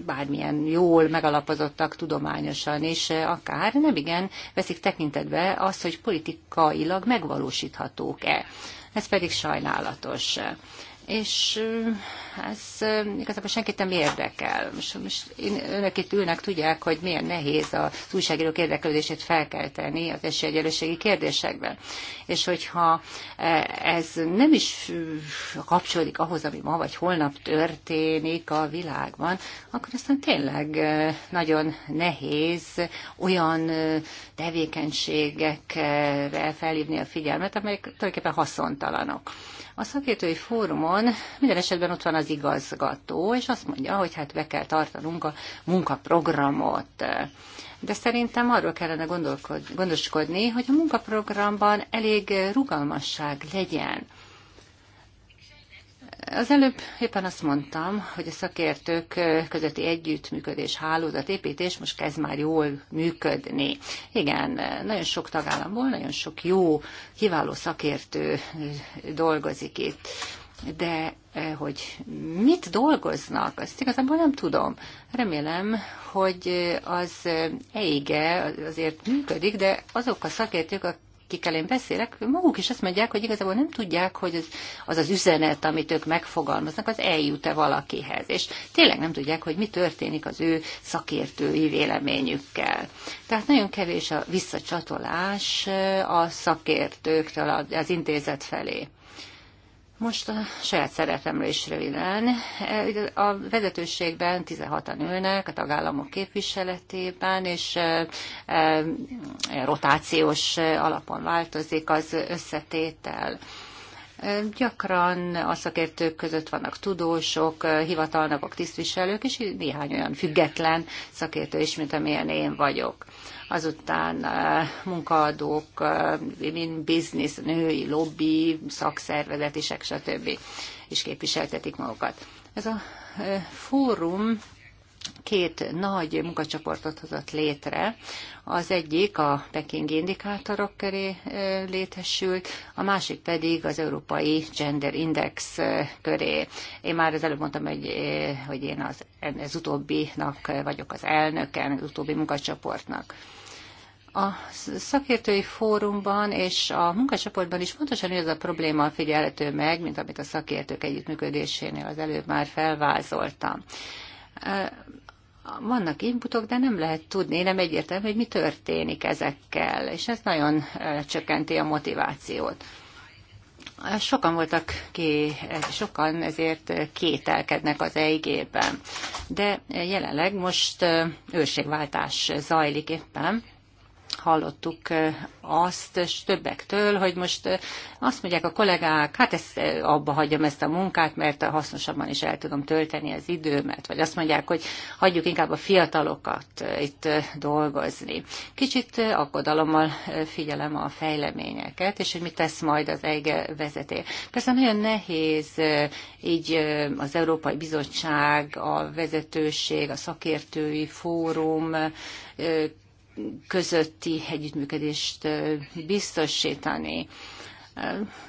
bármilyen jól megalapozottak tudományosan és akár, nem igen veszik tekintetbe azt, hogy politikailag megvalósíthatók-e. Ez pedig sajnálatos és ez igazából senkit nem érdekel. Most, most önök itt ülnek, tudják, hogy milyen nehéz az újságírók érdeklődését felkelteni az esélyegyelőségi kérdésekben. És hogyha e, ez nem is kapcsolódik ahhoz, ami ma vagy holnap történik a világban, akkor aztán tényleg e, nagyon nehéz olyan e, tevékenységekre felhívni a figyelmet, amelyek tulajdonképpen haszontalanok. A szakértői fórumon minden esetben ott van az igazgató, és azt mondja, hogy hát be kell tartanunk a munkaprogramot. De szerintem arról kellene gondoskodni, hogy a munkaprogramban elég rugalmasság legyen az előbb éppen azt mondtam, hogy a szakértők közötti együttműködés, építés most kezd már jól működni. Igen, nagyon sok tagállamból, nagyon sok jó, kiváló szakértő dolgozik itt. De eh, hogy mit dolgoznak, azt igazából nem tudom. Remélem, hogy az EIGE azért működik, de azok a szakértők, akikkel én beszélek, maguk is azt mondják, hogy igazából nem tudják, hogy az az, az üzenet, amit ők megfogalmaznak, az eljut-e valakihez. És tényleg nem tudják, hogy mi történik az ő szakértői véleményükkel. Tehát nagyon kevés a visszacsatolás eh, a szakértőktől az intézet felé. Most a saját szeretemről is röviden. E, a vezetőségben 16-an ülnek, a tagállamok képviseletében, és e, e, rotációs alapon változik az összetétel. Gyakran a szakértők között vannak tudósok, hivatalnokok, tisztviselők, és néhány olyan független szakértő is, mint amilyen én vagyok azután eh, munkaadók, eh, mint biznisz, női lobby, szakszervezetések, stb. is képviseltetik magukat. Ez a eh, fórum két nagy munkacsoportot hozott létre, az egyik a pekingi indikátorok köré létesült, a másik pedig az Európai Gender Index köré. Én már az előbb mondtam, hogy, hogy én az, az utóbbinak vagyok az elnöke, az utóbbi munkacsoportnak. A szakértői fórumban és a munkacsoportban is pontosan ez a probléma figyelhető meg, mint amit a szakértők együttműködésénél az előbb már felvázoltam vannak inputok, de nem lehet tudni, nem egyértelmű, hogy mi történik ezekkel, és ez nagyon csökkenti a motivációt. Sokan voltak ki, sokan ezért kételkednek az EIG-ben, de jelenleg most őrségváltás zajlik éppen, hallottuk azt, és többektől, hogy most azt mondják a kollégák, hát ezt abba hagyjam ezt a munkát, mert hasznosabban is el tudom tölteni az időmet, vagy azt mondják, hogy hagyjuk inkább a fiatalokat itt dolgozni. Kicsit aggodalommal figyelem a fejleményeket, és hogy mit tesz majd az EIGE vezeté. Persze nagyon nehéz így az Európai Bizottság, a vezetőség, a szakértői fórum közötti együttműködést biztosítani.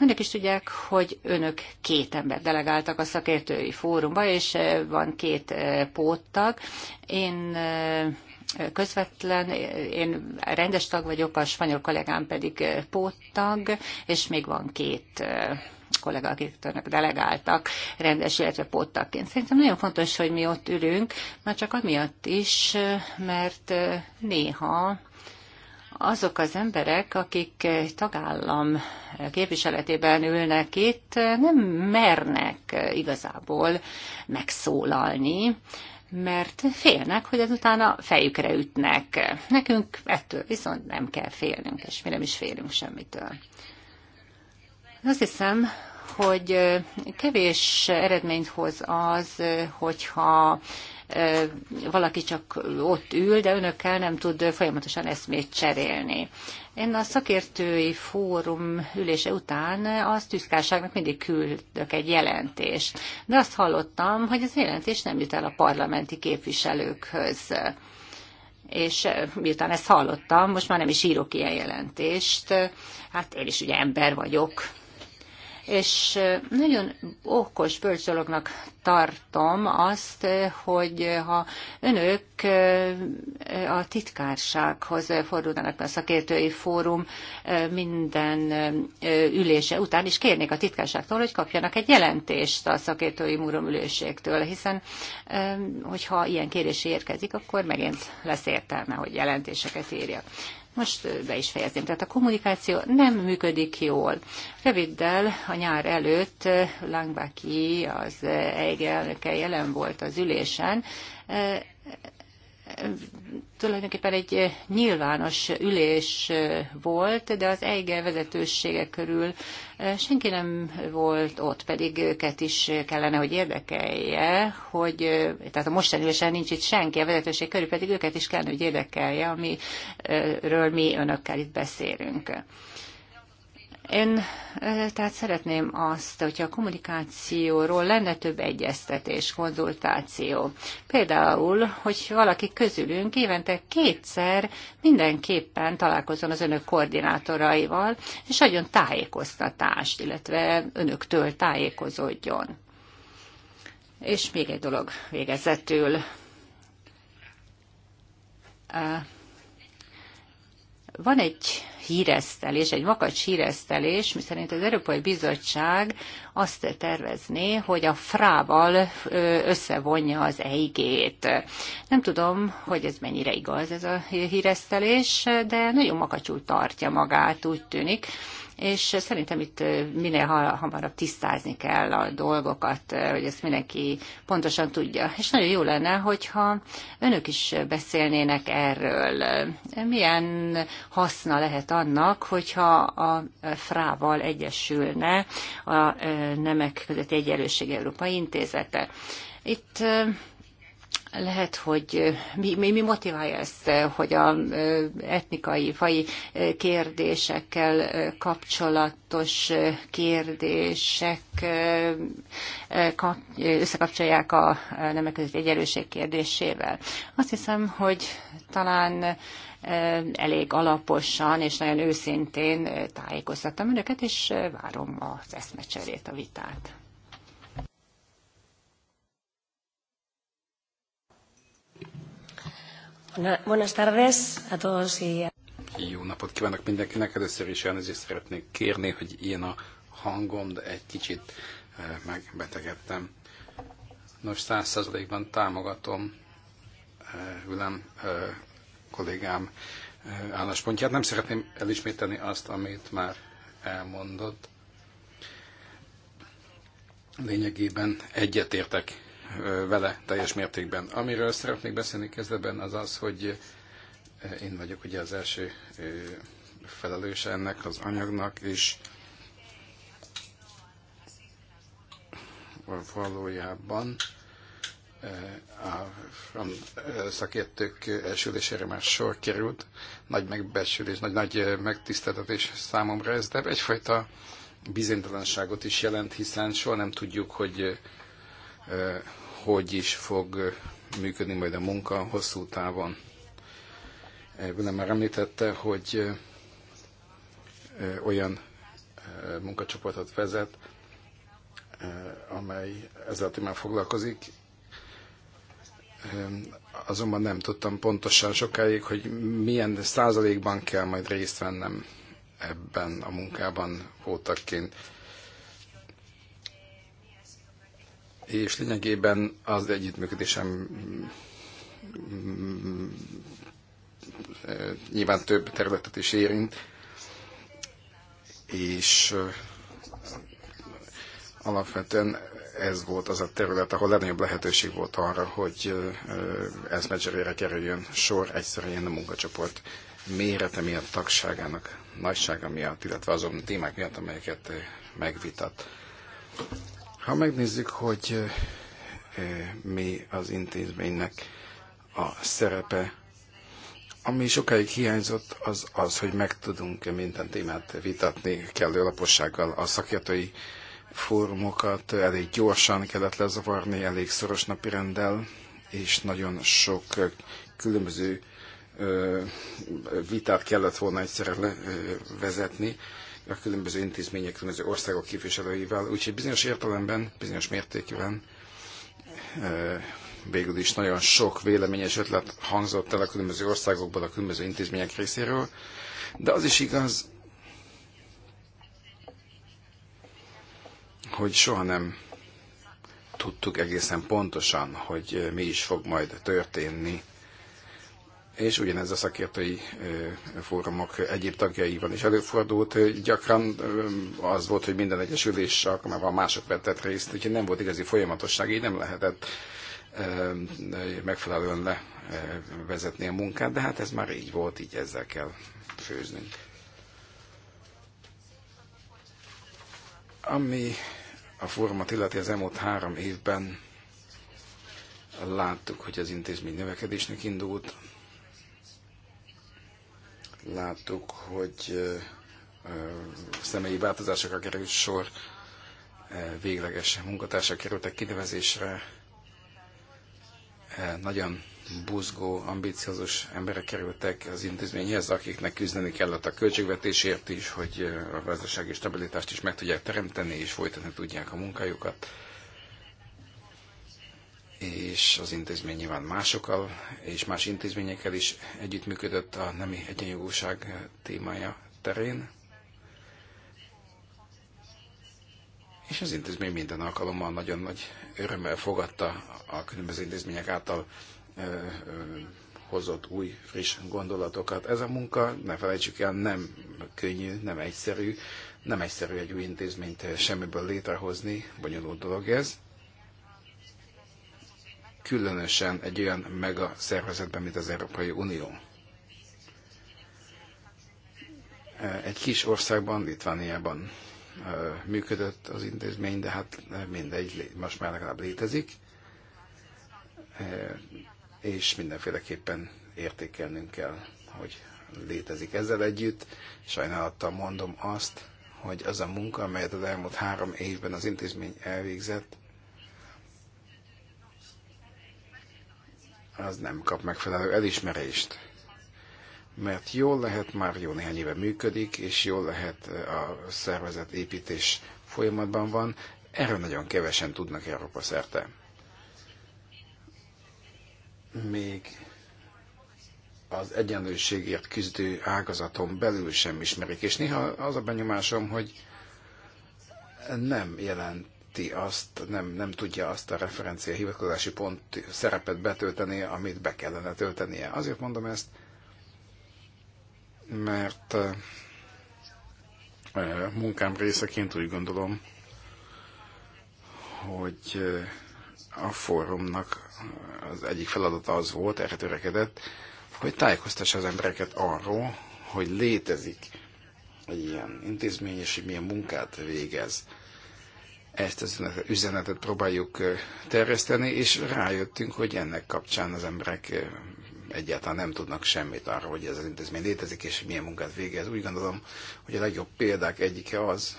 Önök is tudják, hogy önök két ember delegáltak a szakértői fórumba, és van két póttag. Én közvetlen, én rendes tag vagyok, a spanyol kollégám pedig póttag, és még van két kollega, akit önök delegáltak rendes, illetve pottaként. Szerintem nagyon fontos, hogy mi ott ülünk, már csak amiatt is, mert néha azok az emberek, akik tagállam képviseletében ülnek itt, nem mernek igazából megszólalni, mert félnek, hogy ezután a fejükre ütnek. Nekünk ettől viszont nem kell félnünk, és mi nem is félünk semmitől. Azt hiszem, hogy kevés eredményt hoz az, hogyha valaki csak ott ül, de önökkel nem tud folyamatosan eszmét cserélni. Én a szakértői fórum ülése után az tisztkárságnak mindig küldök egy jelentést, de azt hallottam, hogy az jelentés nem jut el a parlamenti képviselőkhöz és miután ezt hallottam, most már nem is írok ilyen jelentést. Hát én is ugye ember vagyok, és nagyon okos bölcs dolognak tartom azt, hogy ha önök a titkársághoz fordulnának a szakértői fórum minden ülése után, és kérnék a titkárságtól, hogy kapjanak egy jelentést a szakértői múrom ülőségtől, hiszen hogyha ilyen kérés érkezik, akkor megint lesz értelme, hogy jelentéseket írjak. Most be is fejezném. Tehát a kommunikáció nem működik jól. Röviddel a nyár előtt Langbaki, az EIG elnöke jelen volt az ülésen, tulajdonképpen egy nyilvános ülés volt, de az EIGE vezetősége körül eh, senki nem volt ott, pedig őket is kellene, hogy érdekelje, hogy eh, tehát a mostani ülésen nincs itt senki a vezetőség körül, pedig őket is kellene, hogy érdekelje, amiről mi önökkel itt beszélünk. Én tehát szeretném azt, hogyha a kommunikációról lenne több egyeztetés, konzultáció. Például, hogy valaki közülünk évente kétszer mindenképpen találkozon az önök koordinátoraival, és adjon tájékoztatást, illetve önöktől tájékozódjon. És még egy dolog végezetül van egy híresztelés, egy makacs híresztelés, miszerint az Európai Bizottság azt tervezné, hogy a frával összevonja az EIG-t. Nem tudom, hogy ez mennyire igaz ez a híresztelés, de nagyon makacsul tartja magát, úgy tűnik és szerintem itt minél hamarabb tisztázni kell a dolgokat, hogy ezt mindenki pontosan tudja. És nagyon jó lenne, hogyha önök is beszélnének erről. Milyen haszna lehet annak, hogyha a frával egyesülne a Nemek Közötti Egyenlőség Európai Intézete. Itt lehet, hogy mi, mi, mi motiválja ezt, hogy a etnikai, fai kérdésekkel kapcsolatos kérdések összekapcsolják a nemek közötti egyenlőség kérdésével. Azt hiszem, hogy talán elég alaposan és nagyon őszintén tájékoztattam önöket, és várom az eszmecserét, a vitát. Buenas tardes a todos y... Jó napot kívánok mindenkinek! Először is elnézést szeretnék kérni, hogy ilyen a hangom, de egy kicsit eh, megbetegedtem. Nos, száz százalékban támogatom eh, Ülem eh, kollégám álláspontját. Nem szeretném elismételni azt, amit már elmondott. Lényegében egyetértek vele teljes mértékben. Amiről szeretnék beszélni kezdetben az az, hogy én vagyok ugye az első felelőse ennek az anyagnak, és valójában a szakértők elsülésére már sor került. Nagy megbesülés, nagy, nagy megtiszteltetés számomra ez, de egyfajta bizonytalanságot is jelent, hiszen soha nem tudjuk, hogy hogy is fog működni majd a munka hosszú távon. Velem már említette, hogy olyan munkacsoportot vezet, amely ezzel a témán foglalkozik. Azonban nem tudtam pontosan sokáig, hogy milyen százalékban kell majd részt vennem ebben a munkában voltakként. és lényegében az együttműködésem mm, mm, nyilván több területet is érint, és uh, alapvetően ez volt az a terület, ahol legnagyobb lehetőség volt arra, hogy uh, ez medzserére kerüljön sor egyszerűen a munkacsoport mérete miatt, tagságának nagysága miatt, illetve azon témák miatt, amelyeket megvitat. Ha megnézzük, hogy mi az intézménynek a szerepe, ami sokáig hiányzott, az az, hogy meg tudunk minden témát vitatni kellő lapossággal. A szakértői fórumokat elég gyorsan kellett lezavarni, elég szoros rendel, és nagyon sok különböző vitát kellett volna egyszerre vezetni a különböző intézmények, különböző országok képviselőivel, úgyhogy bizonyos értelemben, bizonyos mértékben végül is nagyon sok véleményes ötlet hangzott el a különböző országokból, a különböző intézmények részéről, de az is igaz, hogy soha nem tudtuk egészen pontosan, hogy mi is fog majd történni és ugyanez a szakértői fórumok egyéb tagjaival is előfordult. Gyakran az volt, hogy minden egyes ülés alkalmával mások vettett részt, úgyhogy nem volt igazi folyamatosság, így nem lehetett megfelelően levezetni a munkát, de hát ez már így volt, így ezzel kell főznünk. Ami a fórumot illeti az elmúlt három évben láttuk, hogy az intézmény növekedésnek indult, láttuk, hogy személyi változásokra került sor, végleges munkatársak kerültek kinevezésre, nagyon buzgó, ambiciózus emberek kerültek az intézményhez, akiknek küzdeni kellett a költségvetésért is, hogy a gazdasági stabilitást is meg tudják teremteni, és folytatni tudják a munkájukat és az intézmény nyilván másokkal és más intézményekkel is együttműködött a nemi egyenjogúság témája terén. És az intézmény minden alkalommal nagyon nagy örömmel fogadta a különböző intézmények által ö, ö, hozott új, friss gondolatokat. Ez a munka, ne felejtsük el, nem könnyű, nem egyszerű. Nem egyszerű egy új intézményt semmiből létrehozni, bonyolult dolog ez különösen egy olyan mega szervezetben, mint az Európai Unió. Egy kis országban, Litvániában működött az intézmény, de hát mindegy, most már legalább létezik, és mindenféleképpen értékelnünk kell, hogy létezik ezzel együtt. Sajnálattal mondom azt, hogy az a munka, amelyet az elmúlt három évben az intézmény elvégzett, az nem kap megfelelő elismerést. Mert jól lehet, már jó néhány éve működik, és jól lehet e, a szervezet építés folyamatban van, erről nagyon kevesen tudnak Európa szerte. Még az egyenlőségért küzdő ágazaton belül sem ismerik, és néha az a benyomásom, hogy nem jelent érti azt, nem, nem tudja azt a referencia hivatkozási pont szerepet betölteni, amit be kellene töltenie. Azért mondom ezt, mert eh, eh, munkám részeként úgy gondolom, hogy eh, a fórumnak az egyik feladata az volt, erre törekedett, hogy tájékoztassa az embereket arról, hogy létezik egy ilyen intézmény, és hogy milyen munkát végez ezt az üzenetet próbáljuk terjeszteni, és rájöttünk, hogy ennek kapcsán az emberek egyáltalán nem tudnak semmit arról, hogy ez az intézmény létezik, és milyen munkát végez. Úgy gondolom, hogy a legjobb példák egyike az,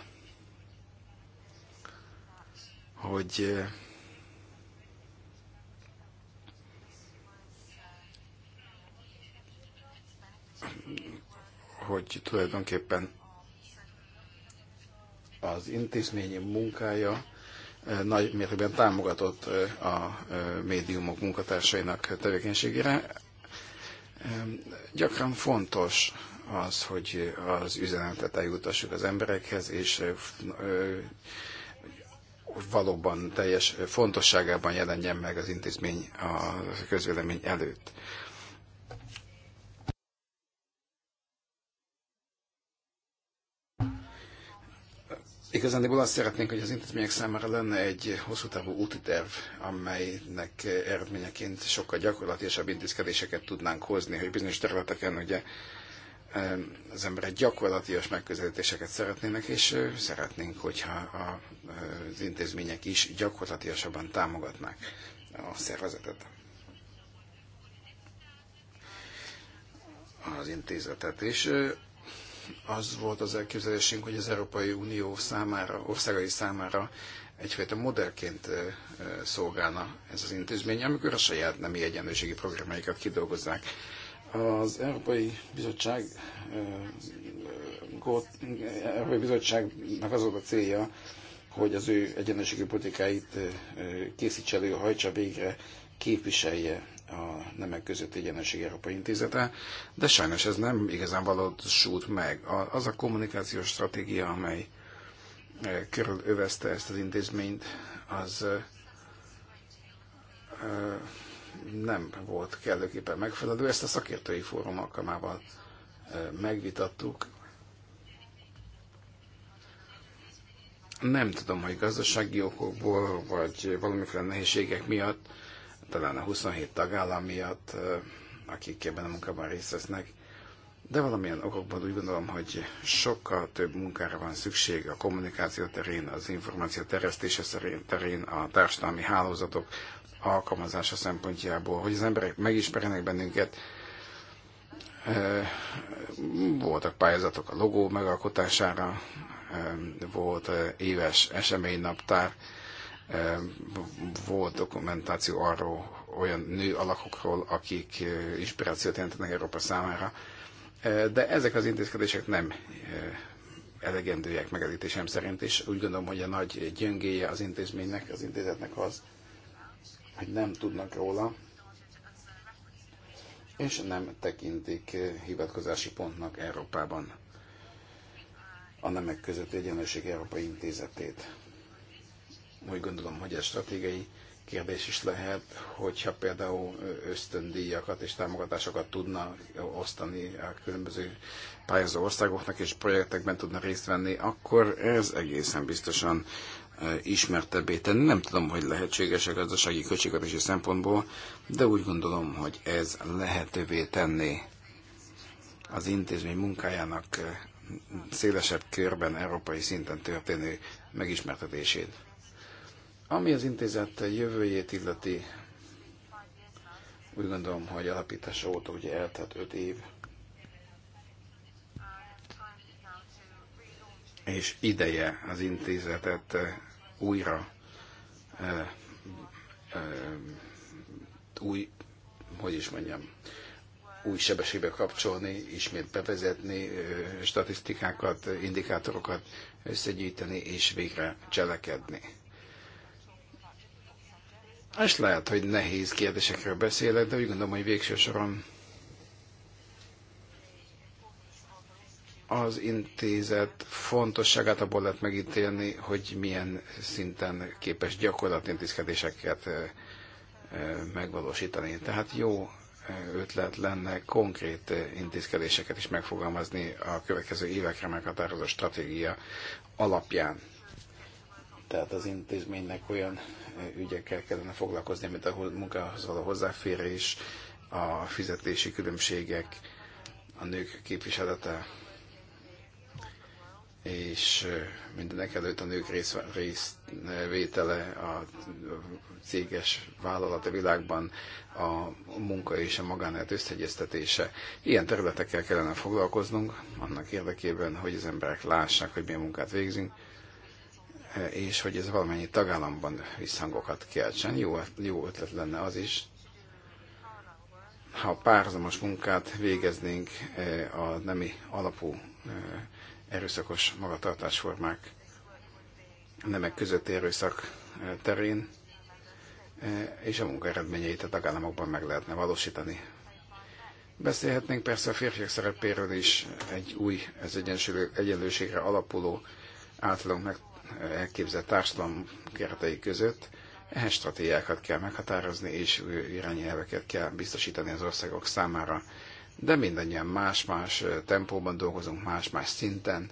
hogy hogy tulajdonképpen az intézményi munkája eh, nagy mértékben támogatott eh, a eh, médiumok munkatársainak tevékenységére. Gyakran fontos az, hogy az üzenetet eljutassuk az emberekhez, és valóban teljes fontosságában jelenjen meg az intézmény a közvélemény előtt. Igazándiból azt szeretnénk, hogy az intézmények számára lenne egy hosszú távú úti terv, amelynek eredményeként sokkal gyakorlatilisabb intézkedéseket tudnánk hozni, hogy bizonyos területeken ugye az emberek gyakorlatias megközelítéseket szeretnének, és szeretnénk, hogyha az intézmények is gyakorlatiasabban támogatnák a szervezetet. Az intézetet. És az volt az elképzelésünk, hogy az Európai Unió számára, országai számára egyfajta modellként szolgálna ez az intézmény, amikor a saját nemi egyenlőségi programjaikat kidolgozzák. Az Európai Bizottság Európai Bizottságnak az volt a célja, hogy az ő egyenlőségi politikáit készítse elő, hajtsa végre, képviselje a Nemek Között Egyenlőség Európai Intézete, de sajnos ez nem igazán valósult meg. Az a kommunikációs stratégia, amely e, körülövezte ezt az intézményt, az e, e, nem volt kellőképpen megfelelő. Ezt a szakértői fórum alkalmával megvitattuk. Nem tudom, hogy gazdasági okokból, vagy valamiféle nehézségek miatt talán a 27 tagállam miatt, akik ebben a munkában részt vesznek, de valamilyen okokban úgy gondolom, hogy sokkal több munkára van szükség a kommunikáció terén, az információ terjesztése terén, a társadalmi hálózatok alkalmazása szempontjából, hogy az emberek megismerjenek bennünket. Voltak pályázatok a logó megalkotására, volt éves eseménynaptár, volt dokumentáció arról, olyan nő alakokról, akik eh, inspirációt jelentenek Európa számára. Eh, de ezek az intézkedések nem eh, elegendőek megedítésem szerint, és úgy gondolom, hogy a nagy gyöngéje az intézménynek, az intézetnek az, hogy nem tudnak róla, és nem tekintik hivatkozási pontnak Európában a nemek közötti egyenlőség Európai Intézetét. Úgy gondolom, hogy ez stratégiai kérdés is lehet, hogyha például ösztöndíjakat és támogatásokat tudna osztani a különböző pályázó országoknak, és projektekben tudna részt venni, akkor ez egészen biztosan ismertebbé tenni. Nem tudom, hogy lehetséges a gazdasági költségvetési szempontból, de úgy gondolom, hogy ez lehetővé tenni az intézmény munkájának szélesebb körben, európai szinten történő megismertetését. Ami az intézet jövőjét illeti, úgy gondolom, hogy alapítása óta ugye eltelt 5 év. És ideje az intézetet eh, újra eh, eh, új, hogy is mondjam, új sebességbe kapcsolni, ismét bevezetni statisztikákat, indikátorokat összegyűjteni és végre cselekedni. És lehet, hogy nehéz kérdésekről beszélek, de úgy gondolom, hogy végső soron az intézet fontosságát abból lehet megítélni, hogy milyen szinten képes gyakorlati intézkedéseket megvalósítani. Tehát jó ötlet lenne konkrét intézkedéseket is megfogalmazni a következő évekre meghatározó stratégia alapján. Tehát az intézménynek olyan eh, ügyekkel kellene foglalkozni, mint a munkához való hozzáférés, a fizetési különbségek, a nők képviselete, és eh, mindenek előtt a nők részvétele a céges vállalati világban, a munka és a magánélet összeegyeztetése. Ilyen területekkel kellene foglalkoznunk, annak érdekében, hogy az emberek lássák, hogy milyen munkát végzünk, és hogy ez valamennyi tagállamban visszhangokat keltsen. Jó, jó ötlet lenne az is, ha párhuzamos munkát végeznénk e, a nemi alapú e, erőszakos magatartásformák nemek között erőszak e, terén, és a munka eredményeit a tagállamokban meg lehetne valósítani. Beszélhetnénk persze a férfiak szerepéről is egy új, ez egyenlőségre alapuló meg elképzelt társadalom keretei között, ehhez stratégiákat kell meghatározni, és irányelveket kell biztosítani az országok számára. De mindannyian más-más tempóban dolgozunk, más-más szinten,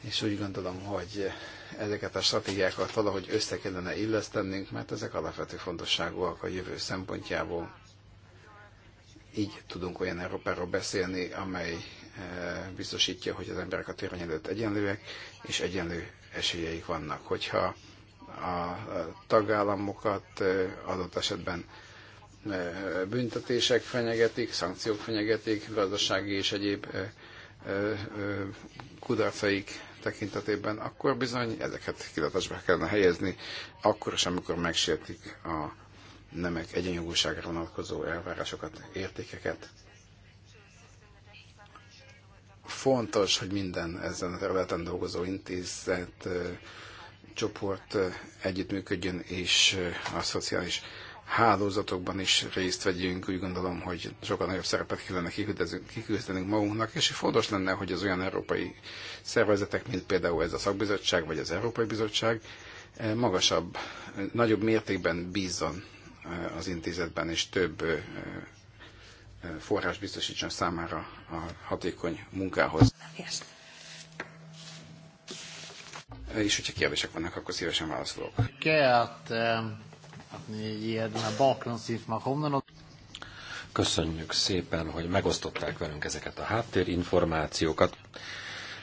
és úgy gondolom, hogy ezeket a stratégiákat valahogy össze kellene illesztenünk, mert ezek alapvető fontosságúak a jövő szempontjából. Így tudunk olyan Európáról beszélni, amely Eh, biztosítja, hogy az emberek a törvény előtt egyenlőek, és egyenlő esélyeik vannak. Hogyha a tagállamokat eh, adott esetben eh, büntetések fenyegetik, szankciók fenyegetik, gazdasági és egyéb kudarcaik tekintetében, akkor bizony ezeket kilatásba kellene helyezni, akkor is, amikor megsértik a nemek egyenjogúságra vonatkozó elvárásokat, értékeket. Fontos, hogy minden ezen a területen dolgozó intézet, csoport együttműködjön, és a szociális hálózatokban is részt vegyünk. Úgy gondolom, hogy sokkal nagyobb szerepet kellene kiküzdenünk magunknak, és fontos lenne, hogy az olyan európai szervezetek, mint például ez a szakbizottság, vagy az Európai Bizottság, magasabb, nagyobb mértékben bízzon az intézetben, és több forrás biztosítson számára a hatékony munkához. És hogyha kérdések vannak, akkor szívesen válaszolok. Köszönjük szépen, hogy megosztották velünk ezeket a háttérinformációkat.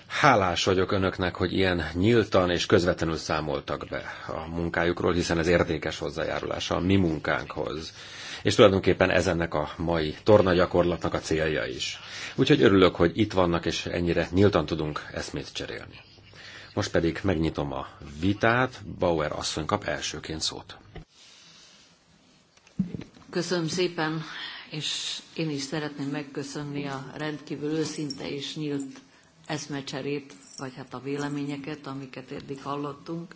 Hálás vagyok önöknek, hogy ilyen nyíltan és közvetlenül számoltak be a munkájukról, hiszen ez értékes hozzájárulása a mi munkánkhoz és tulajdonképpen ez ennek a mai torna gyakorlatnak a célja is. Úgyhogy örülök, hogy itt vannak, és ennyire nyíltan tudunk eszmét cserélni. Most pedig megnyitom a vitát, Bauer asszony kap elsőként szót. Köszönöm szépen, és én is szeretném megköszönni a rendkívül őszinte és nyílt eszmecserét, vagy hát a véleményeket, amiket eddig hallottunk.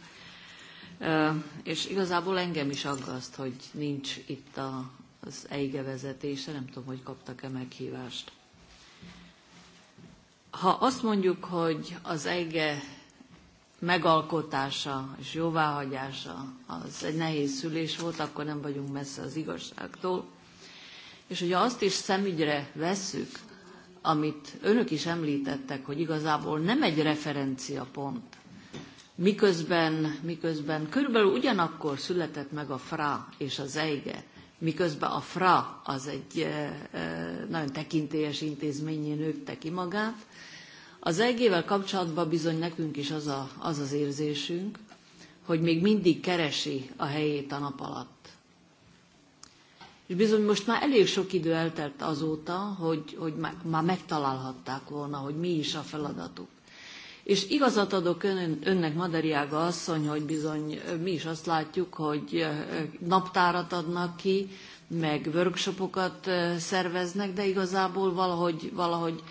És igazából engem is aggaszt, hogy nincs itt a az EIGE vezetése, nem tudom, hogy kaptak-e meghívást. Ha azt mondjuk, hogy az EIGE megalkotása és jóváhagyása az egy nehéz szülés volt, akkor nem vagyunk messze az igazságtól. És hogyha azt is szemügyre vesszük, amit önök is említettek, hogy igazából nem egy referencia pont, miközben, miközben körülbelül ugyanakkor született meg a FRA és az EIGE, miközben a FRA az egy eh, eh, nagyon tekintélyes intézményén nőtte ki magát. Az EG-vel kapcsolatban bizony nekünk is az, a, az az érzésünk, hogy még mindig keresi a helyét a nap alatt. És bizony most már elég sok idő eltelt azóta, hogy, hogy már megtalálhatták volna, hogy mi is a feladatuk. És igazat adok ön, önnek, Madariága asszony, hogy bizony mi is azt látjuk, hogy naptárat adnak ki, meg workshopokat szerveznek, de igazából valahogy, valahogy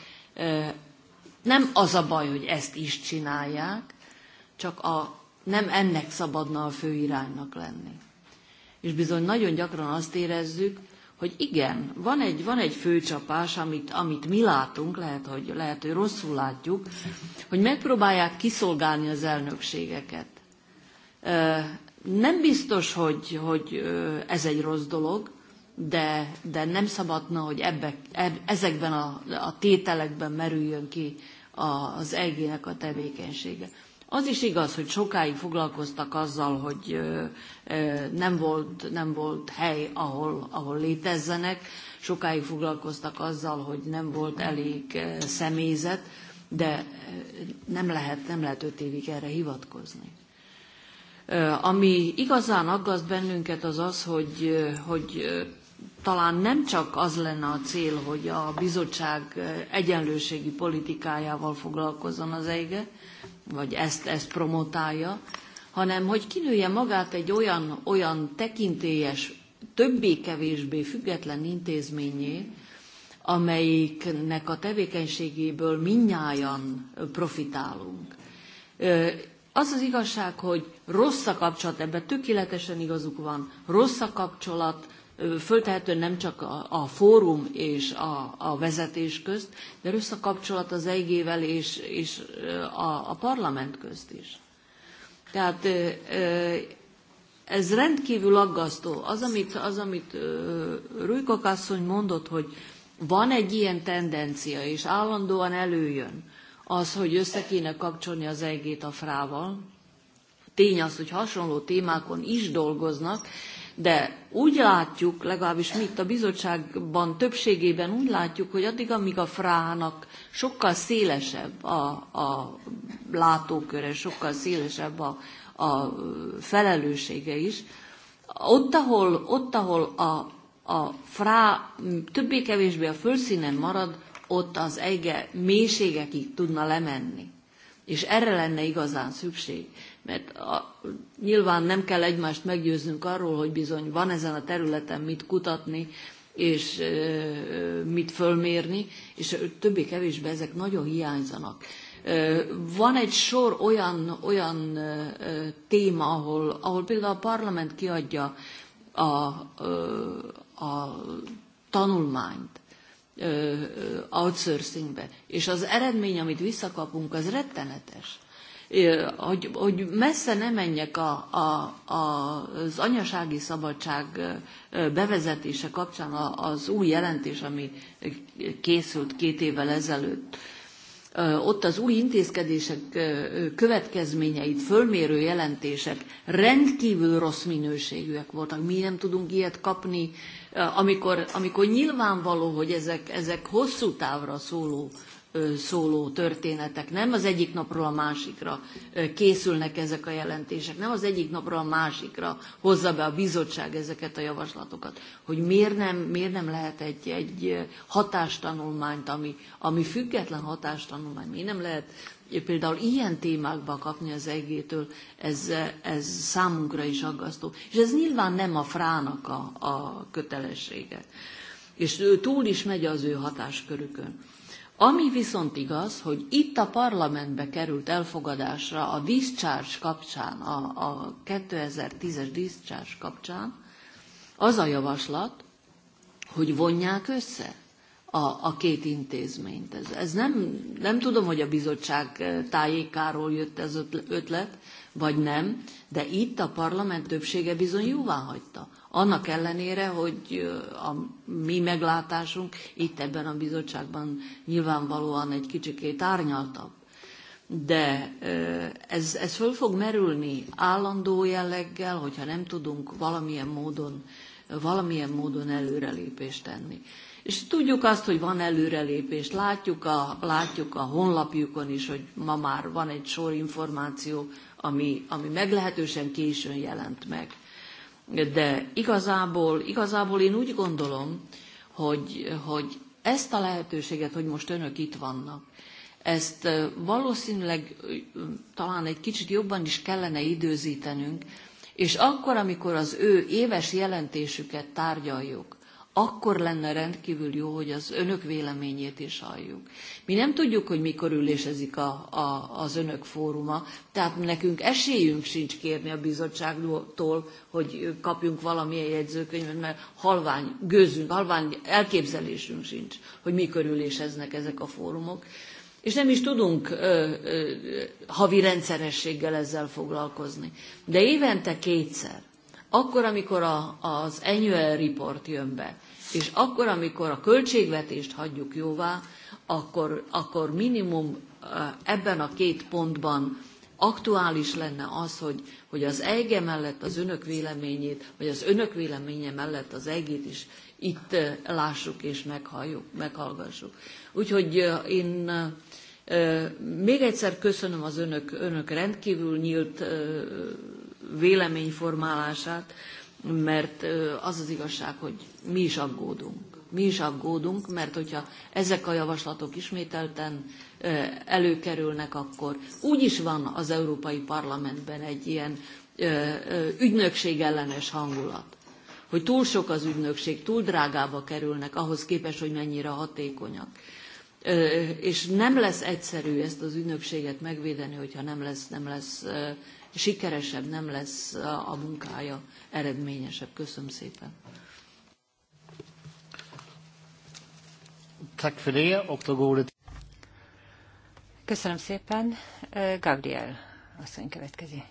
nem az a baj, hogy ezt is csinálják, csak a, nem ennek szabadna a fő iránynak lenni. És bizony nagyon gyakran azt érezzük, hogy igen, van egy, van egy főcsapás, amit, amit mi látunk, lehet hogy, lehet, hogy rosszul látjuk, hogy megpróbálják kiszolgálni az elnökségeket. Nem biztos, hogy, hogy ez egy rossz dolog, de, de nem szabadna, hogy ebbe, eb, ezekben a, a tételekben merüljön ki az eg a tevékenysége. Az is igaz, hogy sokáig foglalkoztak azzal, hogy nem volt, nem volt hely, ahol, ahol létezzenek, sokáig foglalkoztak azzal, hogy nem volt elég személyzet, de nem lehet, nem lehet öt évig erre hivatkozni. Ami igazán aggaszt bennünket az az, hogy, hogy talán nem csak az lenne a cél, hogy a bizottság egyenlőségi politikájával foglalkozzon az EIGE, vagy ezt, ezt promotálja, hanem hogy kinője magát egy olyan, olyan tekintélyes, többé-kevésbé független intézményé, amelyiknek a tevékenységéből minnyáján profitálunk. Az az igazság, hogy rossz a kapcsolat, ebben tökéletesen igazuk van, rossz a kapcsolat föltehetően nem csak a, a fórum és a, a vezetés közt, de összekapcsolat az EIG-vel és, és a, a parlament közt is. Tehát ez rendkívül aggasztó. Az, amit, az, amit Rújkok asszony mondott, hogy van egy ilyen tendencia, és állandóan előjön az, hogy össze kéne kapcsolni az EG-t a frával. Tény az, hogy hasonló témákon is dolgoznak, de úgy látjuk, legalábbis mi itt a bizottságban többségében úgy látjuk, hogy addig, amíg a frának sokkal szélesebb a, a látóköre, sokkal szélesebb a, a felelőssége is, ott, ahol, ott, ahol a, a frá többé-kevésbé a fölszínen marad, ott az ege mélységekig tudna lemenni. És erre lenne igazán szükség mert a, nyilván nem kell egymást meggyőznünk arról, hogy bizony van ezen a területen mit kutatni, és e, mit fölmérni, és többé-kevésbé ezek nagyon hiányzanak. Van egy sor olyan, olyan téma, ahol, ahol például a parlament kiadja a, a tanulmányt outsourcingbe, és az eredmény, amit visszakapunk, az rettenetes hogy, hogy messze ne menjek a, a, a, az anyasági szabadság bevezetése kapcsán az új jelentés, ami készült két évvel ezelőtt. Ott az új intézkedések következményeit fölmérő jelentések rendkívül rossz minőségűek voltak. Mi nem tudunk ilyet kapni, amikor, amikor nyilvánvaló, hogy ezek, ezek hosszú távra szóló uh, szóló történetek. Nem az egyik napról a másikra készülnek ezek a jelentések, nem az egyik napról a másikra hozza be a bizottság ezeket a javaslatokat. Hogy miért nem, miért nem lehet egy, egy hatástanulmányt, ami, ami független hatástanulmány, miért nem lehet például ilyen témákba kapni az egétől, ez, ez számunkra is aggasztó. És ez nyilván nem a frának a, a kötelessége. És túl is megy az ő hatáskörükön. Ami viszont igaz, hogy itt a parlamentbe került elfogadásra a discharge kapcsán, a, a 2010-es discharge kapcsán, az a javaslat, hogy vonják össze a, a két intézményt. Ez, ez nem, nem tudom, hogy a bizottság eh, tájékáról jött ez ötlet, vagy nem, de itt a parlament többsége bizony jóvá hagyta. Annak ellenére, hogy a mi meglátásunk itt ebben a bizottságban nyilvánvalóan egy kicsikét árnyaltabb. De ez, ez föl fog merülni állandó jelleggel, hogyha nem tudunk valamilyen módon, valamilyen módon előrelépést tenni. És tudjuk azt, hogy van előrelépés, látjuk a, látjuk a honlapjukon is, hogy ma már van egy sor információ ami, ami meglehetősen későn jelent meg. De igazából, igazából én úgy gondolom, hogy, hogy ezt a lehetőséget, hogy most önök itt vannak, ezt valószínűleg talán egy kicsit jobban is kellene időzítenünk, és akkor, amikor az ő éves jelentésüket tárgyaljuk, akkor lenne rendkívül jó, hogy az önök véleményét is halljuk. Mi nem tudjuk, hogy mikor ülésezik a, a, az önök fóruma, tehát nekünk esélyünk sincs kérni a bizottságtól, hogy kapjunk valamilyen jegyzőkönyvet, mert halvány gőzünk, halvány elképzelésünk sincs, hogy mikor üléseznek ezek a fórumok. És nem is tudunk ö, ö, havi rendszerességgel ezzel foglalkozni. De évente kétszer, akkor, amikor a, az annual report jön be, és akkor, amikor a költségvetést hagyjuk jóvá, akkor, akkor minimum eh, ebben a két pontban aktuális lenne az, hogy, hogy az EGE mellett az önök véleményét, vagy az önök véleménye mellett az EIGét is itt eh, lássuk és meghalljuk, meghallgassuk. Úgyhogy eh, én még egyszer köszönöm az önök, önök rendkívül nyílt véleményformálását, mert az az igazság, hogy mi is aggódunk. Mi is aggódunk, mert hogyha ezek a javaslatok ismételten előkerülnek, akkor úgy is van az Európai Parlamentben egy ilyen ügynökség ellenes hangulat, hogy túl sok az ügynökség, túl drágába kerülnek ahhoz képest, hogy mennyire hatékonyak. És nem lesz egyszerű ezt az ügynökséget megvédeni, hogyha nem lesz, nem lesz sikeresebb nem lesz a munkája, eredményesebb. Köszönöm szépen. Köszönöm szépen. Gabriel asszony következik.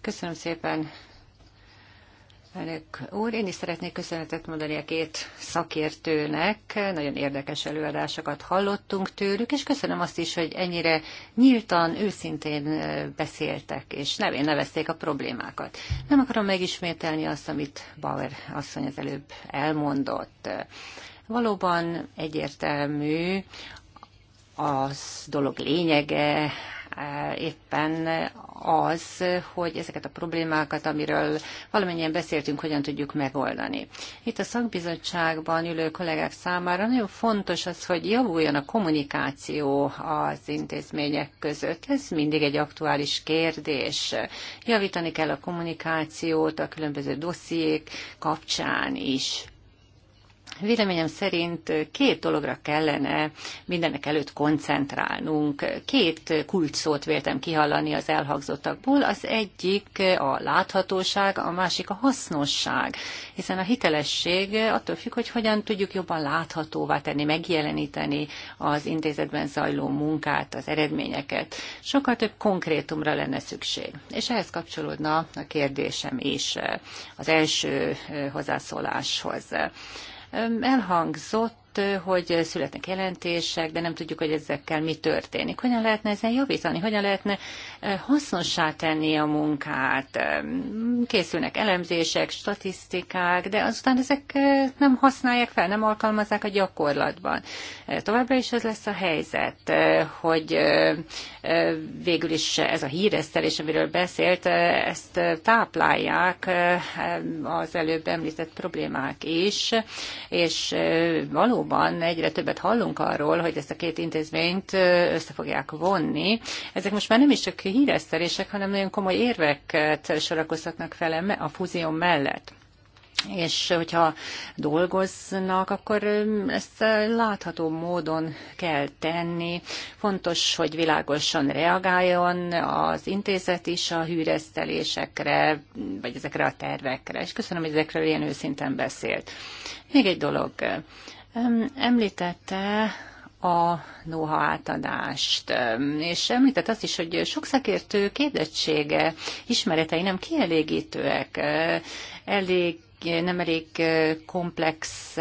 Köszönöm szépen, Elnök úr, én is szeretnék köszönetet mondani a két szakértőnek. Nagyon érdekes előadásokat hallottunk tőlük, és köszönöm azt is, hogy ennyire nyíltan, őszintén beszéltek, és nevén nevezték a problémákat. Nem akarom megismételni azt, amit Bauer asszony az előbb elmondott. Valóban egyértelmű, az dolog lényege, éppen az, hogy ezeket a problémákat, amiről valamennyien beszéltünk, hogyan tudjuk megoldani. Itt a szakbizottságban ülő kollégák számára nagyon fontos az, hogy javuljon a kommunikáció az intézmények között. Ez mindig egy aktuális kérdés. Javítani kell a kommunikációt a különböző dossziék kapcsán is. Véleményem szerint két dologra kellene mindenek előtt koncentrálnunk. Két kulcsszót véltem kihallani az elhangzottakból. Az egyik a láthatóság, a másik a hasznosság, hiszen a hitelesség attól függ, hogy hogyan tudjuk jobban láthatóvá tenni, megjeleníteni az intézetben zajló munkát, az eredményeket. Sokkal több konkrétumra lenne szükség. És ehhez kapcsolódna a kérdésem is az első hozzászóláshoz elhangzott azt, hogy születnek jelentések, de nem tudjuk, hogy ezekkel mi történik. Hogyan lehetne ezen javítani? Hogyan lehetne eh, hasznossá tenni a munkát? Eh, készülnek elemzések, statisztikák, de azután ezek eh, nem használják fel, nem alkalmazzák a gyakorlatban. Továbbra is ez lesz a helyzet, hogy végül is ez a híresztelés, amiről beszélt, ezt táplálják az előbb említett problémák is, és való valóban egyre többet hallunk arról, hogy ezt a két intézményt össze fogják vonni. Ezek most már nem is csak híresztelések, hanem nagyon komoly érveket sorakoztatnak fel a fúzió mellett és hogyha dolgoznak, akkor ezt látható módon kell tenni. Fontos, hogy világosan reagáljon az intézet is a hűresztelésekre, vagy ezekre a tervekre. És köszönöm, hogy ezekről ilyen őszinten beszélt. Még egy dolog. Említette a noha átadást. És említett azt is, hogy sok szakértő képzettsége, ismeretei nem kielégítőek, elég nem elég komplex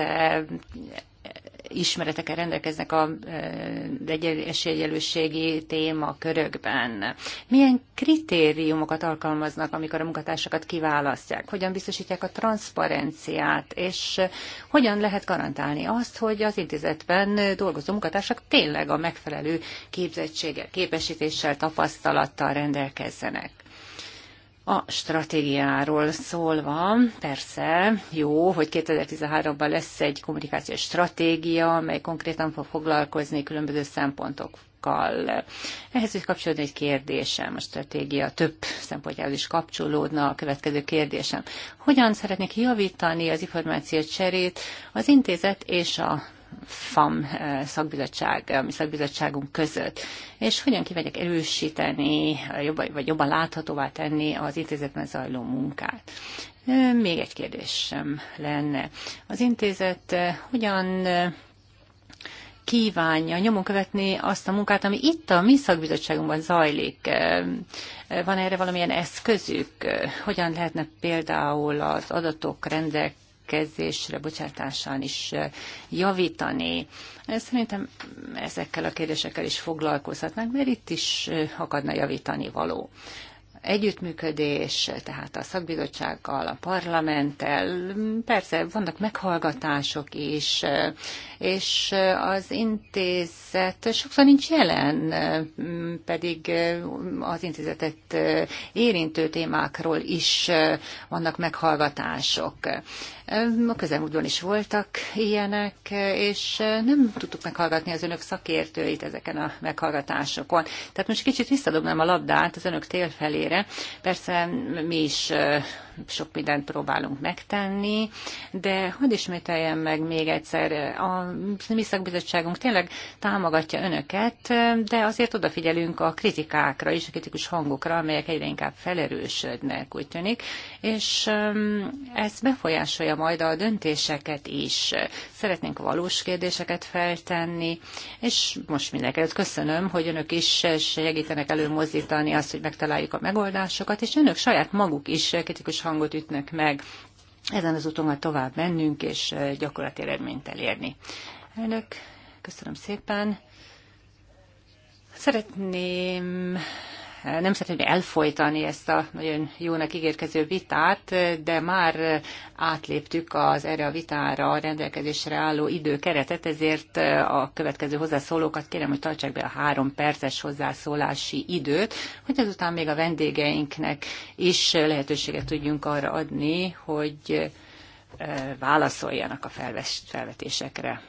ismeretekkel rendelkeznek a e, esélyegyelősségi téma körökben. Milyen kritériumokat alkalmaznak, amikor a munkatársakat kiválasztják? Hogyan biztosítják a transzparenciát? És hogyan lehet garantálni azt, hogy az intézetben dolgozó munkatársak tényleg a megfelelő képzettséggel, képesítéssel, tapasztalattal rendelkezzenek? A stratégiáról szólva, persze jó, hogy 2013-ban lesz egy kommunikációs stratégia, mely konkrétan fog foglalkozni különböző szempontokkal. Ehhez is kapcsolódni egy kérdésem, a stratégia több szempontjához is kapcsolódna a következő kérdésem. Hogyan szeretnék javítani az információ cserét az intézet és a FAM eh, szakbizottság, a eh, mi szakbizottságunk között, és hogyan kivegyek erősíteni, jobban, vagy jobban láthatóvá tenni az intézetben zajló munkát. Eh, még egy sem lenne. Az intézet hogyan kívánja nyomon követni azt a munkát, ami itt a mi szakbizottságunkban zajlik. Van erre valamilyen eszközük? Hogyan lehetne például az adatok, rendek rendelkezésre bocsátásán is javítani. Szerintem ezekkel a kérdésekkel is foglalkozhatnánk, mert itt is akadna javítani való együttműködés, tehát a szakbizottsággal, a parlamenttel, persze vannak meghallgatások is, és az intézet sokszor nincs jelen, pedig az intézetet érintő témákról is vannak meghallgatások. A közelmúltban is voltak ilyenek, és nem tudtuk meghallgatni az önök szakértőit ezeken a meghallgatásokon. Tehát most kicsit visszadobnám a labdát az önök felére helyre. Persze mi is sok mindent próbálunk megtenni, de hogy ismételjem meg még egyszer, a mi szakbizottságunk tényleg támogatja önöket, de azért odafigyelünk a kritikákra és a kritikus hangokra, amelyek egyre inkább felerősödnek, úgy tűnik, és ez befolyásolja majd a döntéseket is. Szeretnénk valós kérdéseket feltenni, és most mindenkelőtt köszönöm, hogy önök is segítenek előmozdítani azt, hogy megtaláljuk a megoldást, megoldásokat, és önök saját maguk is kritikus hangot ütnek meg. Ezen az úton tovább mennünk, és gyakorlati eredményt elérni. Elnök, köszönöm szépen. Szeretném nem szeretném elfolytani ezt a nagyon jónak ígérkező vitát, de már átléptük az erre a vitára a rendelkezésre álló időkeretet, ezért a következő hozzászólókat kérem, hogy tartsák be a három perces hozzászólási időt, hogy azután még a vendégeinknek is lehetőséget tudjunk arra adni, hogy eh, válaszoljanak a felvetésekre.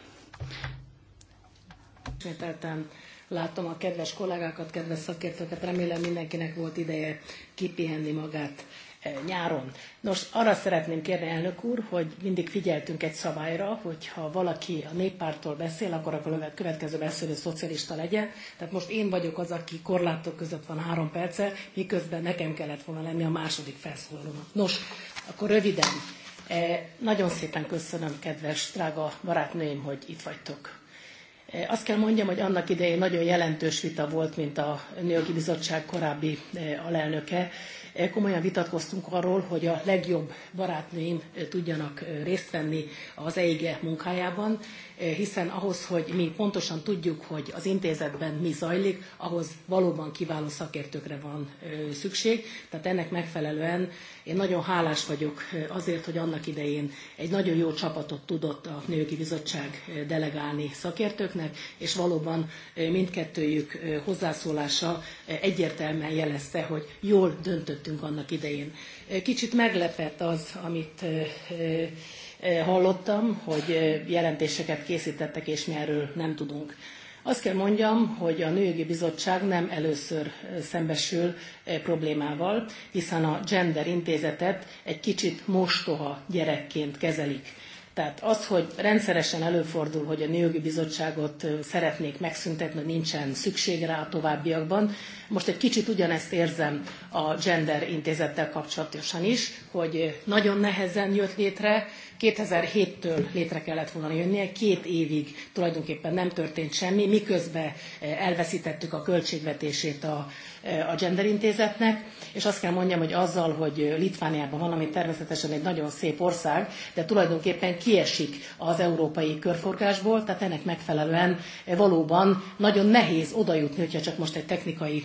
Látom a kedves kollégákat, kedves szakértőket, remélem mindenkinek volt ideje kipihenni magát e, nyáron. Nos, arra szeretném kérni, elnök úr, hogy mindig figyeltünk egy szabályra, hogy ha valaki a néppártól beszél, akkor a következő beszélő szocialista legyen. Tehát most én vagyok az, aki korlátok között van három perce, miközben nekem kellett volna lenni a második felszólalónak. Nos, akkor röviden. E, nagyon szépen köszönöm, kedves, drága barátnőim, hogy itt vagytok. Eh, azt kell mondjam, hogy annak idején nagyon jelentős vita volt, mint a Nőjogi Bizottság korábbi eh, alelnöke. Eh, komolyan vitatkoztunk arról, hogy a legjobb barátnőim tudjanak részt venni az EIGE munkájában, Eh, hiszen ahhoz, hogy mi pontosan tudjuk, hogy az intézetben mi zajlik, ahhoz valóban kiváló szakértőkre van szükség. Tehát ennek megfelelően én nagyon hálás vagyok azért, hogy annak idején egy nagyon jó csapatot tudott a Nőjogi Bizottság delegálni szakértőknek, és valóban mindkettőjük hozzászólása egyértelműen jelezte, hogy jól döntöttünk annak idején. Kicsit meglepett az, amit Eh, hallottam, hogy eh, jelentéseket készítettek, és mi erről nem tudunk. Azt kell mondjam, hogy a Nőjogi Bizottság nem először eh, szembesül problémával, hiszen a Gender Intézetet egy kicsit mostoha gyerekként kezelik. Tehát az, hogy rendszeresen előfordul, hogy a Nőjogi Bizottságot szeretnék megszüntetni, nincsen szükség rá a továbbiakban, most egy kicsit ugyanezt érzem a Gender Intézettel kapcsolatosan is, hogy nagyon nehezen jött létre, 2007-től létre kellett volna jönnie, két évig tulajdonképpen nem történt semmi, miközben elveszítettük a költségvetését a, a Gender Intézetnek, és azt kell mondjam, hogy azzal, hogy Litvániában van, ami természetesen egy nagyon szép ország, de tulajdonképpen kiesik az európai körforgásból, tehát ennek megfelelően valóban nagyon nehéz odajutni, hogyha csak most egy technikai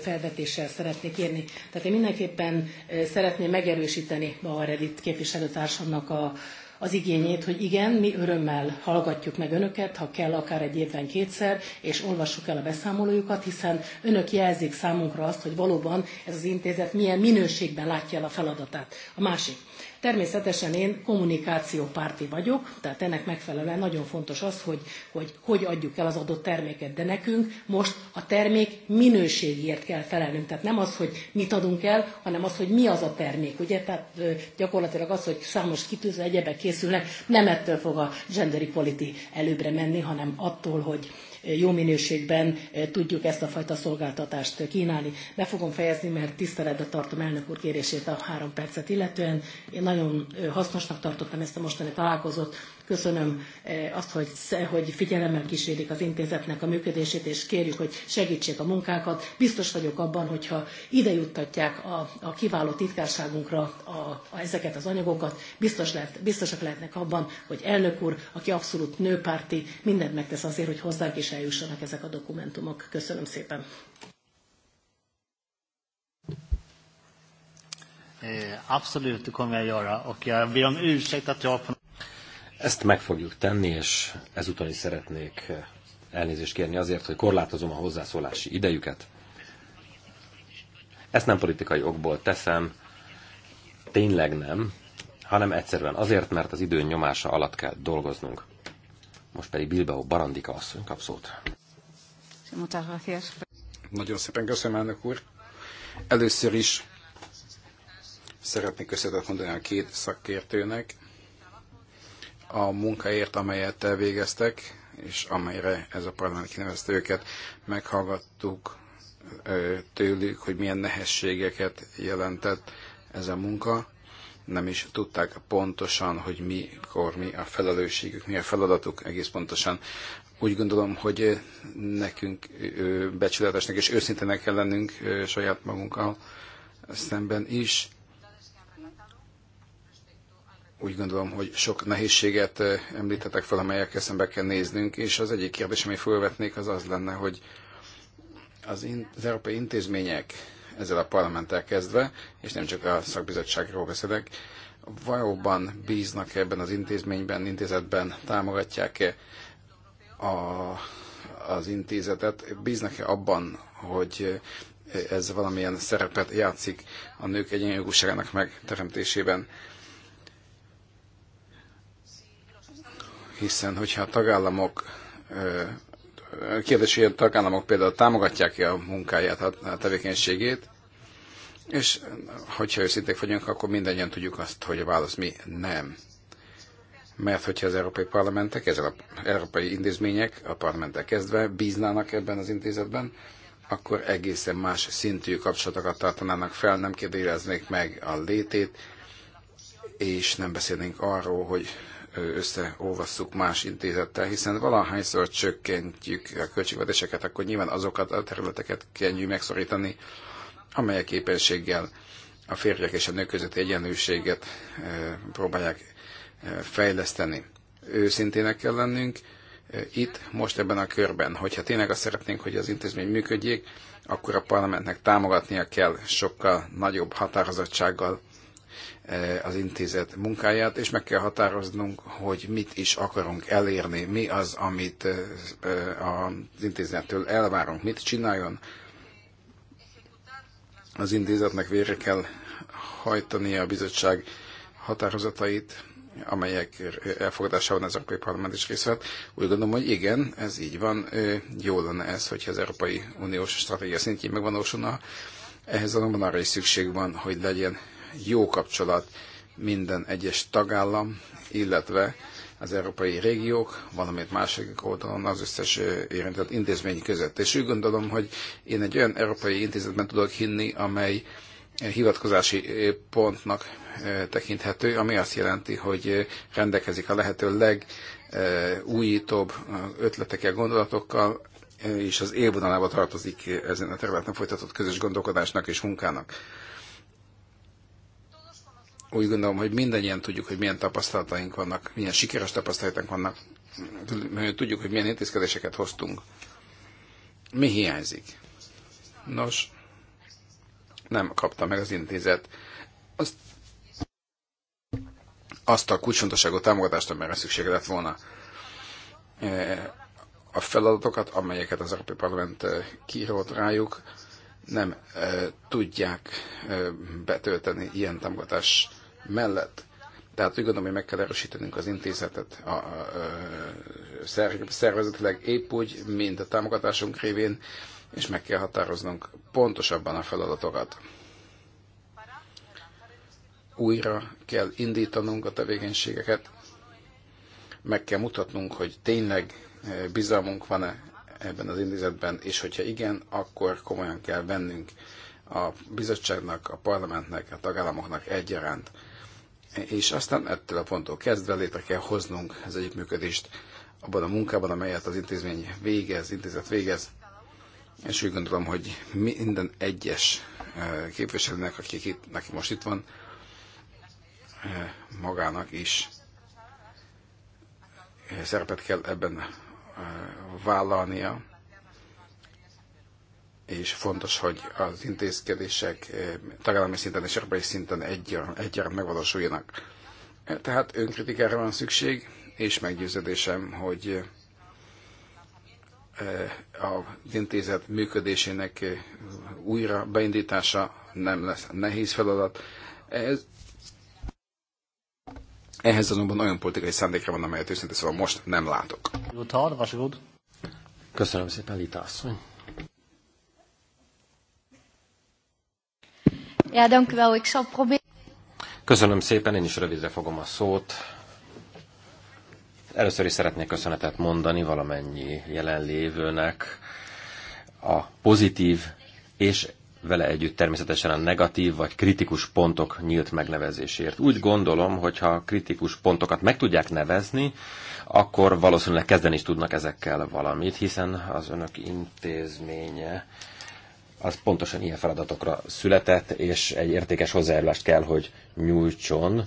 felvetéssel szeretnék érni. Tehát én mindenképpen szeretném megerősíteni a Redit képviselőtársamnak a, az igényét, hogy igen, mi örömmel hallgatjuk meg önöket, ha kell, akár egy évben kétszer, és olvassuk el a beszámolójukat, hiszen önök jelzik számunkra azt, hogy valóban ez az intézet milyen minőségben látja el a feladatát. A másik. Természetesen én kommunikációpárti vagyok, tehát ennek megfelelően nagyon fontos az, hogy hogy, hogy adjuk el az adott terméket, de nekünk most a termék minőségért kell felelnünk. Tehát nem az, hogy mit adunk el, hanem az, hogy mi az a termék. Ugye, tehát gyakorlatilag az, hogy számos kitűző egyebek készülnek, nem ettől fog a gender equality előbbre menni, hanem attól, hogy, jó minőségben eh, tudjuk ezt a fajta szolgáltatást kínálni. Be fogom fejezni, mert tiszteletbe tartom elnök úr kérését a három percet illetően. Én nagyon eh, hasznosnak tartottam ezt a mostani találkozót, Köszönöm eh, azt, hogy, hogy figyelemmel kísérik az intézetnek a működését, és kérjük, hogy segítsék a munkákat. Biztos vagyok abban, hogyha ide juttatják a, a kiváló titkárságunkra a, a, ezeket az anyagokat, biztos lehet, biztosak lehetnek abban, hogy elnök úr, aki abszolút nőpárti, mindent megtesz azért, hogy hozzánk is eljussanak ezek a dokumentumok. Köszönöm szépen. Eh, absolut, det kommer jag göra. Och jag ber om ursäkt att jag på ezt meg fogjuk tenni, és ezúton is szeretnék elnézést kérni azért, hogy korlátozom a hozzászólási idejüket. Ezt nem politikai okból teszem, tényleg nem, hanem egyszerűen azért, mert az idő nyomása alatt kell dolgoznunk. Most pedig Bilbao Barandika asszony kap szót. Nagyon szépen köszönöm, elnök úr. Először is szeretnék köszönetet mondani a két szakértőnek, a munkáért, amelyet végeztek, és amelyre ez a parlament kinevezte őket, meghallgattuk tőlük, hogy milyen nehézségeket jelentett ez a munka. Nem is tudták pontosan, hogy mikor mi a felelősségük, mi a feladatuk egész pontosan. Úgy gondolom, hogy nekünk becsületesnek és őszintenek kell lennünk saját magunkkal szemben is úgy gondolom, hogy sok nehézséget említetek fel, amelyekkel szembe kell néznünk, és az egyik kérdés, amit felvetnék, az az lenne, hogy az, in- az európai intézmények, ezzel a parlamenttel kezdve, és nem csak a szakbizottságról beszélek, valóban bíznak ebben az intézményben, intézetben, támogatják-e a, az intézetet, bíznak-e abban, hogy ez valamilyen szerepet játszik a nők egyenjogúságának megteremtésében. hiszen hogyha a tagállamok kérdés, hogy a tagállamok például támogatják-e a munkáját, a tevékenységét, és hogyha őszinték vagyunk, akkor mindannyian tudjuk azt, hogy a válasz mi nem. Mert hogyha az európai parlamentek, ezzel az európai intézmények, a parlamentek kezdve bíznának ebben az intézetben, akkor egészen más szintű kapcsolatokat tartanának fel, nem kérdéreznék meg a létét, és nem beszélnénk arról, hogy összeolvasszuk más intézettel, hiszen valahányszor csökkentjük a költségvetéseket, akkor nyilván azokat a területeket kell megszorítani, amelyek képességgel a férjek és a nők közötti egyenlőséget próbálják fejleszteni. Őszintének kell lennünk itt, most ebben a körben. Hogyha tényleg azt szeretnénk, hogy az intézmény működjék, akkor a parlamentnek támogatnia kell sokkal nagyobb határozottsággal Eh, az intézet munkáját, és meg kell határoznunk, hogy mit is akarunk elérni, mi az, amit eh, az intézettől elvárunk, mit csináljon. Az intézetnek vére kell hajtania a bizottság határozatait, amelyek elfogadásában az Európai Parlament is részt vett. Úgy gondolom, hogy igen, ez így van. Eh, jó lenne ez, hogyha az Európai Uniós stratégia szintjén megvalósulna. Ehhez azonban arra is szükség van, hogy legyen jó kapcsolat minden egyes tagállam, illetve az európai régiók, valamint második oldalon az összes érintett intézmény között. És úgy gondolom, hogy én egy olyan európai intézetben tudok hinni, amely hivatkozási pontnak tekinthető, ami azt jelenti, hogy rendelkezik a lehető legújítóbb ötletekkel, gondolatokkal, és az élvonalába tartozik ezen a területen folytatott közös gondolkodásnak és munkának úgy gondolom, hogy mindannyian tudjuk, hogy milyen tapasztalataink vannak, milyen sikeres tapasztalataink vannak, tudjuk, hogy milyen intézkedéseket hoztunk. Mi hiányzik? Nos, nem kapta meg az intézet azt, azt a kulcsfontosságú támogatást, amire szüksége lett volna. E, a feladatokat, amelyeket az Európai Parlament e, kírót rájuk, nem e, tudják e, betölteni ilyen támogatás mellett. Tehát úgy gondolom, hogy meg kell erősítenünk az intézetet a, a, a, szervezetileg épp úgy, mint a támogatásunk révén, és meg kell határoznunk pontosabban a feladatokat. Újra kell indítanunk a tevékenységeket, meg kell mutatnunk, hogy tényleg eh, bizalmunk van-e ebben az intézetben, és hogyha igen, akkor komolyan kell vennünk a bizottságnak, a parlamentnek, a tagállamoknak egyaránt és aztán ettől a ponttól kezdve létre kell hoznunk az együttműködést abban a munkában, amelyet az intézmény végez, intézet végez, és úgy gondolom, hogy minden egyes e, képviselőnek, akik itt, aki most itt van, e, magának is e, szerepet kell ebben vállalnia, és fontos, hogy az intézkedések eh, tagállami szinten és európai szinten egyaránt egy megvalósuljanak. Eh, tehát önkritikára van szükség, és meggyőződésem, hogy eh, az intézet működésének újra beindítása nem lesz nehéz feladat. Ez, ehhez azonban olyan politikai szándékra van, amelyet őszintén szóval most nem látok. Köszönöm szépen, Lita asszony. Ja, dank u wel. Ik zal proberen... Köszönöm szépen, én is rövidre fogom a szót. Először is szeretnék köszönetet mondani valamennyi jelenlévőnek a pozitív és vele együtt természetesen a negatív vagy kritikus pontok nyílt megnevezésért. Úgy gondolom, hogy ha kritikus pontokat meg tudják nevezni, akkor valószínűleg kezdeni is tudnak ezekkel valamit, hiszen az önök intézménye az pontosan ilyen feladatokra született, és egy értékes hozzájárulást kell, hogy nyújtson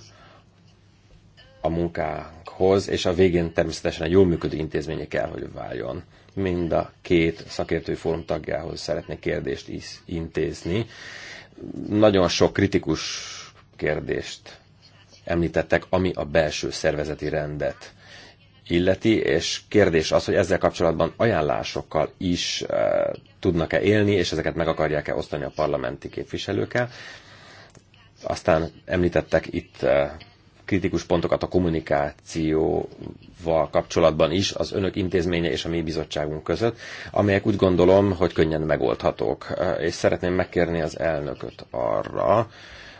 a munkánkhoz, és a végén természetesen egy jól működő intézménye kell, hogy váljon. Mind a két szakértői fórum tagjához szeretnék kérdést is intézni. Nagyon sok kritikus kérdést említettek, ami a belső szervezeti rendet illeti, és kérdés az, hogy ezzel kapcsolatban ajánlásokkal is e, tudnak-e élni, és ezeket meg akarják-e osztani a parlamenti képviselőkkel. Aztán említettek itt e, kritikus pontokat a kommunikációval kapcsolatban is, az önök intézménye és a mi bizottságunk között, amelyek úgy gondolom, hogy könnyen megoldhatók. Eh, és szeretném megkérni az elnököt arra,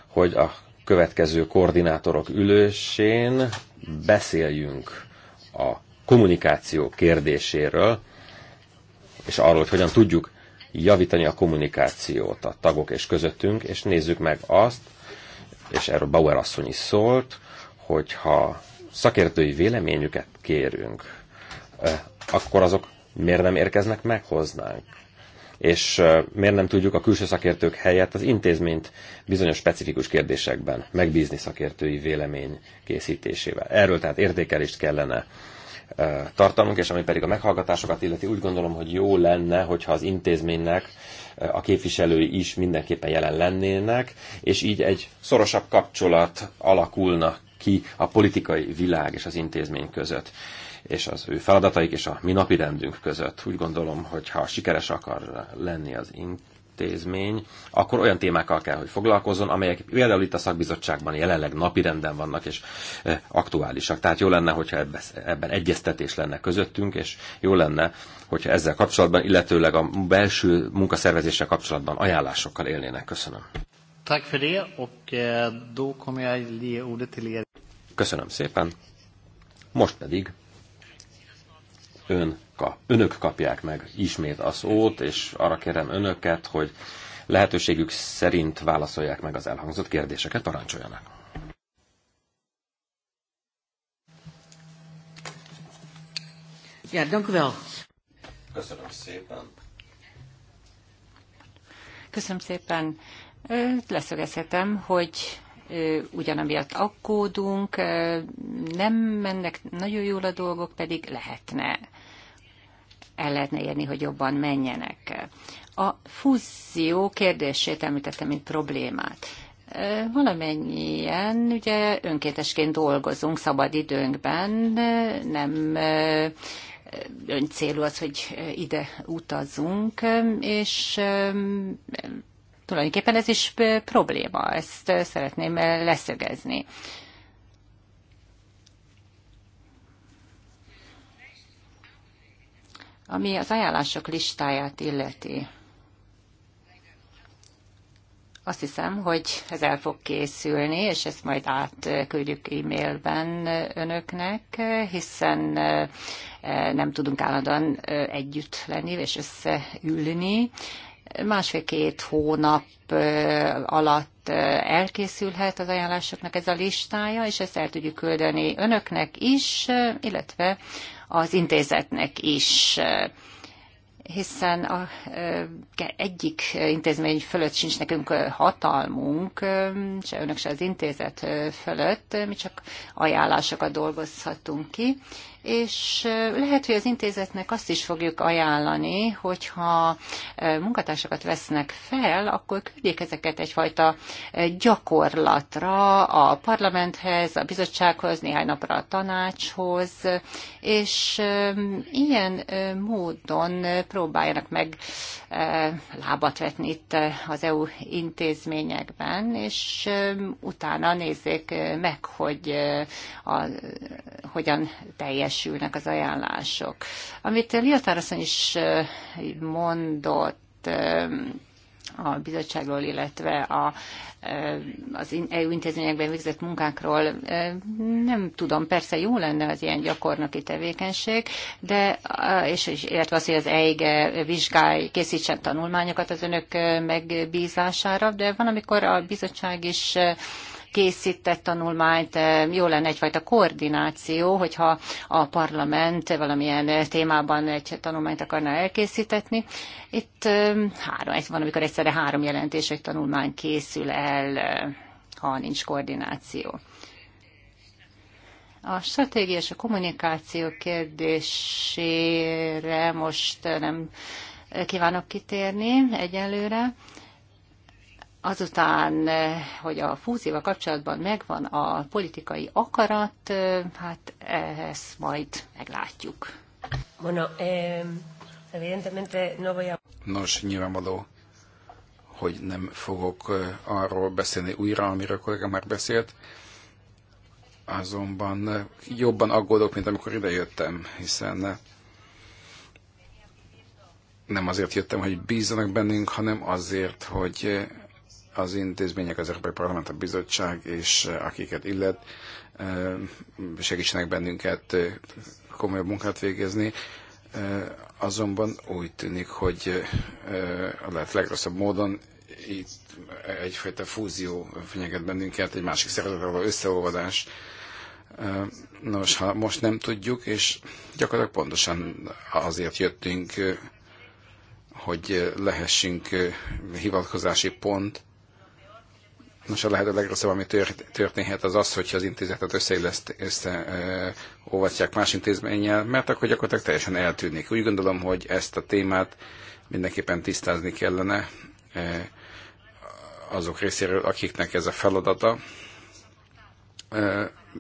hogy a következő koordinátorok ülésén beszéljünk a kommunikáció kérdéséről, és arról, hogy hogyan tudjuk javítani a kommunikációt a tagok és közöttünk, és nézzük meg azt, és erről Bauer asszony is szólt, hogyha szakértői véleményüket kérünk, eh, akkor azok miért nem érkeznek meg hozzánk? és miért nem tudjuk a külső szakértők helyett az intézményt bizonyos specifikus kérdésekben megbízni szakértői vélemény készítésével. Erről tehát értékelést kellene tartanunk, és ami pedig a meghallgatásokat illeti, úgy gondolom, hogy jó lenne, hogyha az intézménynek a képviselői is mindenképpen jelen lennének, és így egy szorosabb kapcsolat alakulna ki a politikai világ és az intézmény között és az ő feladataik és a mi napi rendünk között. Úgy gondolom, hogy ha sikeres akar lenni az intézmény, akkor olyan témákkal kell, hogy foglalkozzon, amelyek például itt a szakbizottságban jelenleg renden vannak és eh, aktuálisak. Tehát jó lenne, hogyha ebben egyeztetés lenne közöttünk, és jó lenne, hogyha ezzel kapcsolatban, illetőleg a belső munkaszervezéssel kapcsolatban ajánlásokkal élnének. Köszönöm. Tack för det och eh, då kommer jag ge ordet till er. Köszönöm szépen. Most pedig ön kap, önök kapják meg ismét a szót, és arra kérem önöket, hogy lehetőségük szerint válaszolják meg az elhangzott kérdéseket, parancsoljanak. Ja, dank u wel. Köszönöm szépen. Köszönöm szépen. Leszögezhetem, hogy ugyanamiatt aggódunk, nem mennek nagyon jól a dolgok, pedig lehetne el lehetne érni, hogy jobban menjenek. A fúzió kérdését említettem, mint problémát. Valamennyien ugye önkéntesként dolgozunk szabad időnkben, nem célú az, hogy ide utazunk, és tulajdonképpen ez is probléma, ezt szeretném leszögezni. Ami az ajánlások listáját illeti, azt hiszem, hogy ez el fog készülni, és ezt majd átküldjük e-mailben önöknek, hiszen e, nem tudunk állandóan e, együtt lenni és összeülni. Másfél-két hónap e, alatt elkészülhet az ajánlásoknak ez a listája, és ezt el tudjuk küldeni önöknek is, illetve az intézetnek is eh, hiszen a, eh, egyik intézmény fölött sincs nekünk eh, hatalmunk, se önök, se az intézet fölött, mi csak ajánlásokat dolgozhatunk ki, és lehet, hogy az intézetnek azt is fogjuk ajánlani, hogyha munkatársakat vesznek fel, akkor küldjék ezeket egyfajta gyakorlatra a parlamenthez, a bizottsághoz, néhány napra a tanácshoz, és ilyen módon próbáljanak meg lábat vetni itt az EU intézményekben, és utána nézzék meg, hogy a, hogyan teljes érvényesülnek az ajánlások. Amit Liatár asszony is mondott, a bizottságról, illetve a, az EU intézményekben végzett munkákról. Nem tudom, persze jó lenne az ilyen gyakornoki tevékenység, de, és, és illetve az, hogy az EIGE vizsgálj, készítsen tanulmányokat az önök megbízására, de van, amikor a bizottság is készített tanulmányt, jó lenne egyfajta koordináció, hogyha a parlament valamilyen témában egy tanulmányt akarna elkészítetni. Itt három, van, amikor egyszerre három jelentés, egy tanulmány készül el, ha nincs koordináció. A stratégia és a kommunikáció kérdésére most nem kívánok kitérni egyelőre azután, hogy a fúzióval kapcsolatban megvan a politikai akarat, hát ezt majd meglátjuk. Bueno, eh, evidentemente no voy a... Nos, nyilvánvaló, hogy nem fogok arról beszélni újra, amiről a kollégám már beszélt, azonban jobban aggódok, mint amikor idejöttem, hiszen nem azért jöttem, hogy bízzanak bennünk, hanem azért, hogy az intézmények, az Európai Parlament, a Bizottság és eh, akiket illet eh, segítsenek bennünket eh, komolyabb munkát végezni. Azonban úgy tűnik, hogy a lehet legrosszabb módon itt egyfajta fúzió fenyeget bennünket, egy másik szervezetre való összeolvadás. Nos, ha most nem tudjuk, és gyakorlatilag pontosan azért jöttünk, hogy lehessünk hivatkozási pont Nos, a lehető legrosszabb, ami történhet, az az, hogyha az intézetet összeilleszt, óvatják más intézménnyel, mert akkor gyakorlatilag teljesen eltűnik. Úgy gondolom, hogy ezt a témát mindenképpen tisztázni kellene azok részéről, akiknek ez a feladata.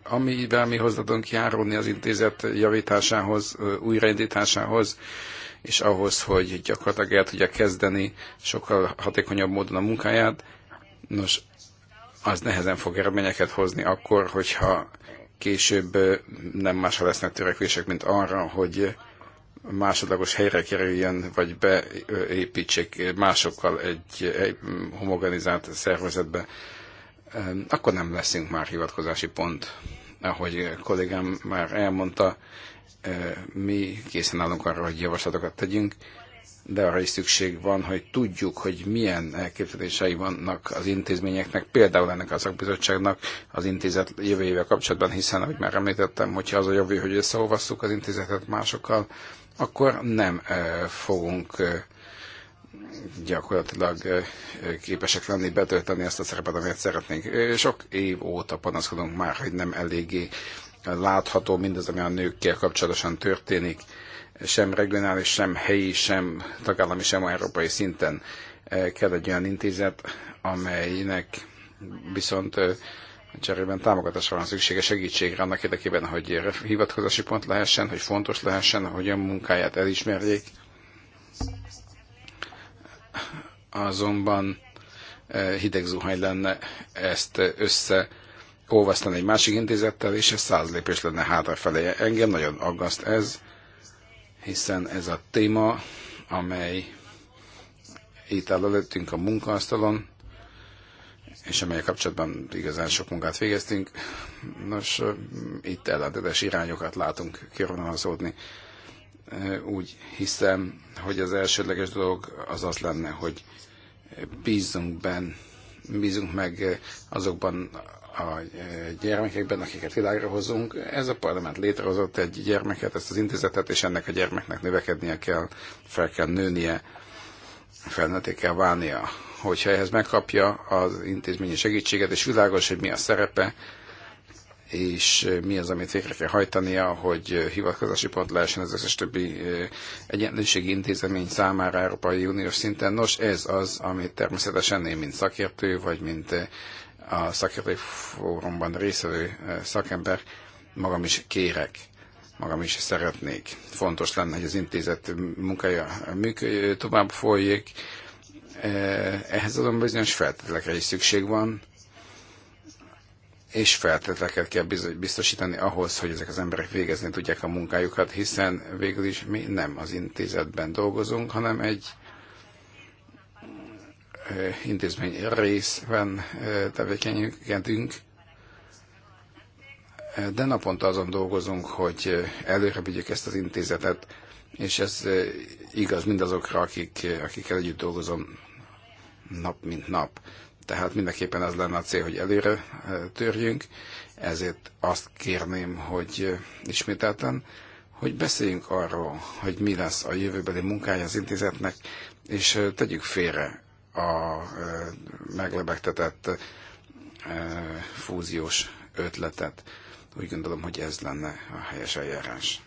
Amivel mi hozzá járulni az intézet javításához, újraindításához, és ahhoz, hogy gyakorlatilag el tudja kezdeni sokkal hatékonyabb módon a munkáját. Nos, az nehezen fog eredményeket hozni akkor, hogyha később nem másra lesznek törekvések, mint arra, hogy másodlagos helyre kerüljön, vagy beépítsék másokkal egy, egy homogenizált szervezetbe, akkor nem leszünk már hivatkozási pont. Ahogy kollégám már elmondta, mi készen állunk arra, hogy javaslatokat tegyünk, de arra is szükség van, hogy tudjuk, hogy milyen elképzelései vannak az intézményeknek, például ennek a szakbizottságnak az intézet jövőjével kapcsolatban, hiszen, ahogy már említettem, hogyha az a jövő, hogy összeolvasszuk az intézetet másokkal, akkor nem fogunk gyakorlatilag képesek lenni betölteni ezt a szerepet, amit szeretnénk. Sok év óta panaszkodunk már, hogy nem eléggé látható mindaz, ami a nőkkel kapcsolatosan történik sem regionális, sem helyi, sem tagállami, sem európai szinten eh, kell egy olyan intézet, amelynek viszont eh, cserében támogatásra van szüksége, segítségre annak érdekében, hogy hivatkozási pont lehessen, hogy fontos lehessen, hogy a munkáját elismerjék. Azonban eh, hideg zuhany lenne ezt össze egy másik intézettel, és ez száz lépés lenne hátrafelé. Engem nagyon aggaszt ez, hiszen ez a téma, amely itt áll előttünk a munkaasztalon, és amely kapcsolatban igazán sok munkát végeztünk. Nos, itt ellentétes irányokat látunk körvonalazódni. Úgy hiszem, hogy az elsődleges dolog az az lenne, hogy bízunk benne, bízunk meg azokban a gyermekekben, akiket világra hozunk. Ez a parlament létrehozott egy gyermeket, ezt az intézetet, és ennek a gyermeknek növekednie kell, fel kell nőnie, felnőtté kell válnia. Hogyha ehhez megkapja az intézményi segítséget, és világos, hogy mi a szerepe, és mi az, amit végre kell hajtania, hogy hivatkozási pont lehessen az összes többi egyenlőségi intézmény számára Európai Uniós szinten. Nos, ez az, amit természetesen én, mint szakértő, vagy mint a szakértői fórumban részvevő szakember, magam is kérek, magam is szeretnék. Fontos lenne, hogy az intézet munkája tovább folyik. Ehhez azon bizonyos feltételekre is szükség van, és feltételeket kell biztosítani ahhoz, hogy ezek az emberek végezni tudják a munkájukat, hiszen végül is mi nem az intézetben dolgozunk, hanem egy Eh, intézmény részben eh, tevékenykedünk, eh, de naponta azon dolgozunk, hogy előre vigyük ezt az intézetet, és ez igaz mindazokra, akik, akikkel együtt dolgozom nap mint nap. Tehát mindenképpen az lenne a cél, hogy előre törjünk, ezért azt kérném, hogy ismételten, hogy beszéljünk arról, hogy mi lesz a jövőbeli munkája az intézetnek, és tegyük félre a meglebegtetett fúziós ötletet. Úgy gondolom, hogy ez lenne a helyes eljárás.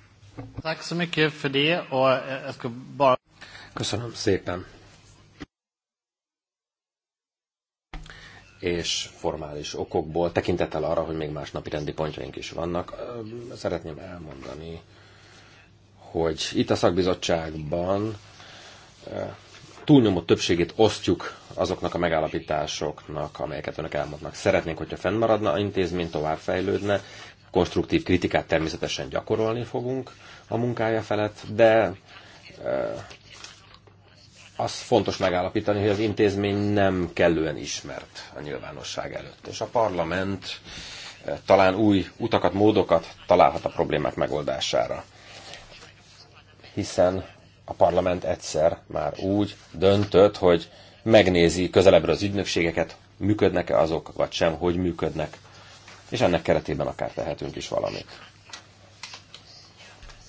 Köszönöm szépen. és formális okokból, tekintettel arra, hogy még más napi rendi pontjaink is vannak, szeretném elmondani, hogy itt a szakbizottságban túlnyomó többségét osztjuk azoknak a megállapításoknak, amelyeket önök elmondnak. Szeretnénk, hogyha fennmaradna a intézmény, továbbfejlődne, konstruktív kritikát természetesen gyakorolni fogunk a munkája felett, de eh, az fontos megállapítani, hogy az intézmény nem kellően ismert a nyilvánosság előtt. És a parlament eh, talán új utakat, módokat találhat a problémák megoldására. Hiszen a parlament egyszer már úgy döntött, hogy megnézi közelebbről az ügynökségeket, működnek-e azok, vagy sem, hogy működnek, és ennek keretében akár tehetünk is valamit.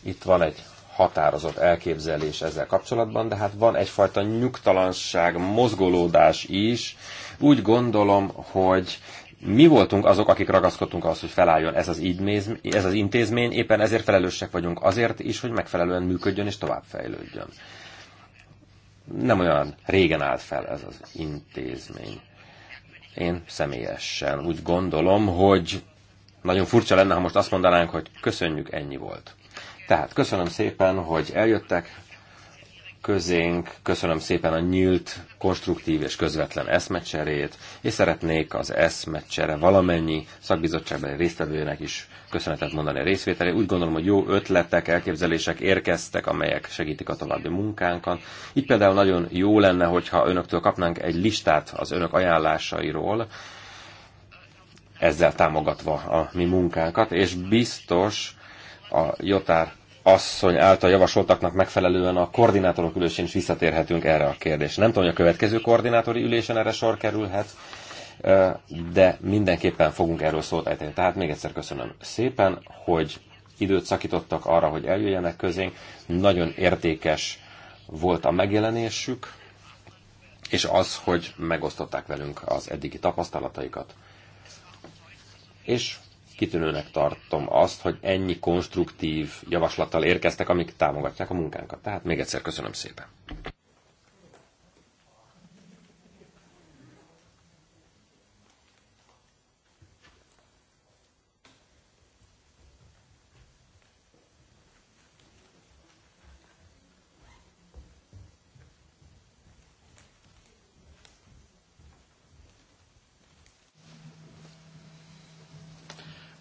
Itt van egy határozott elképzelés ezzel kapcsolatban, de hát van egyfajta nyugtalanság, mozgolódás is. Úgy gondolom, hogy mi voltunk azok, akik ragaszkodtunk ahhoz, hogy felálljon ez az, ígyméz, ez az intézmény, éppen ezért felelősek vagyunk azért is, hogy megfelelően működjön és továbbfejlődjön. Nem olyan régen állt fel ez az intézmény. Én személyesen úgy gondolom, hogy nagyon furcsa lenne, ha most azt mondanánk, hogy köszönjük, ennyi volt. Tehát köszönöm szépen, hogy eljöttek, közénk. Köszönöm szépen a nyílt, konstruktív és közvetlen eszmecserét, és szeretnék az eszmecsere valamennyi szakbizottságbeli résztvevőnek is köszönetet mondani a részvételé. Úgy gondolom, hogy jó ötletek, elképzelések érkeztek, amelyek segítik a további munkánkat. itt például nagyon jó lenne, hogyha önöktől kapnánk egy listát az önök ajánlásairól, ezzel támogatva a mi munkánkat, és biztos a Jotár asszony által javasoltaknak megfelelően a koordinátorok ülésén is visszatérhetünk erre a kérdésre. Nem tudom, hogy a következő koordinátori ülésen erre sor kerülhet, de mindenképpen fogunk erről szót ejteni. Tehát még egyszer köszönöm szépen, hogy időt szakítottak arra, hogy eljöjjenek közénk. Nagyon értékes volt a megjelenésük, és az, hogy megosztották velünk az eddigi tapasztalataikat. És kitűnőnek tartom azt, hogy ennyi konstruktív javaslattal érkeztek, amik támogatják a munkánkat. Tehát még egyszer köszönöm szépen.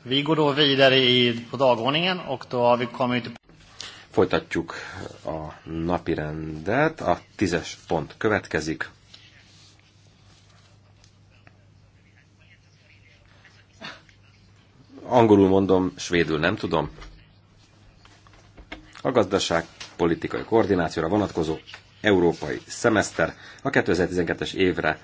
Vi går då vidare i, på dagordningen och då har vi kommit... Folytatjuk a napirendet. A tízes pont következik. Angolul mondom, svédül nem tudom. A gazdaság politikai koordinációra vonatkozó európai szemeszter a 2012-es évre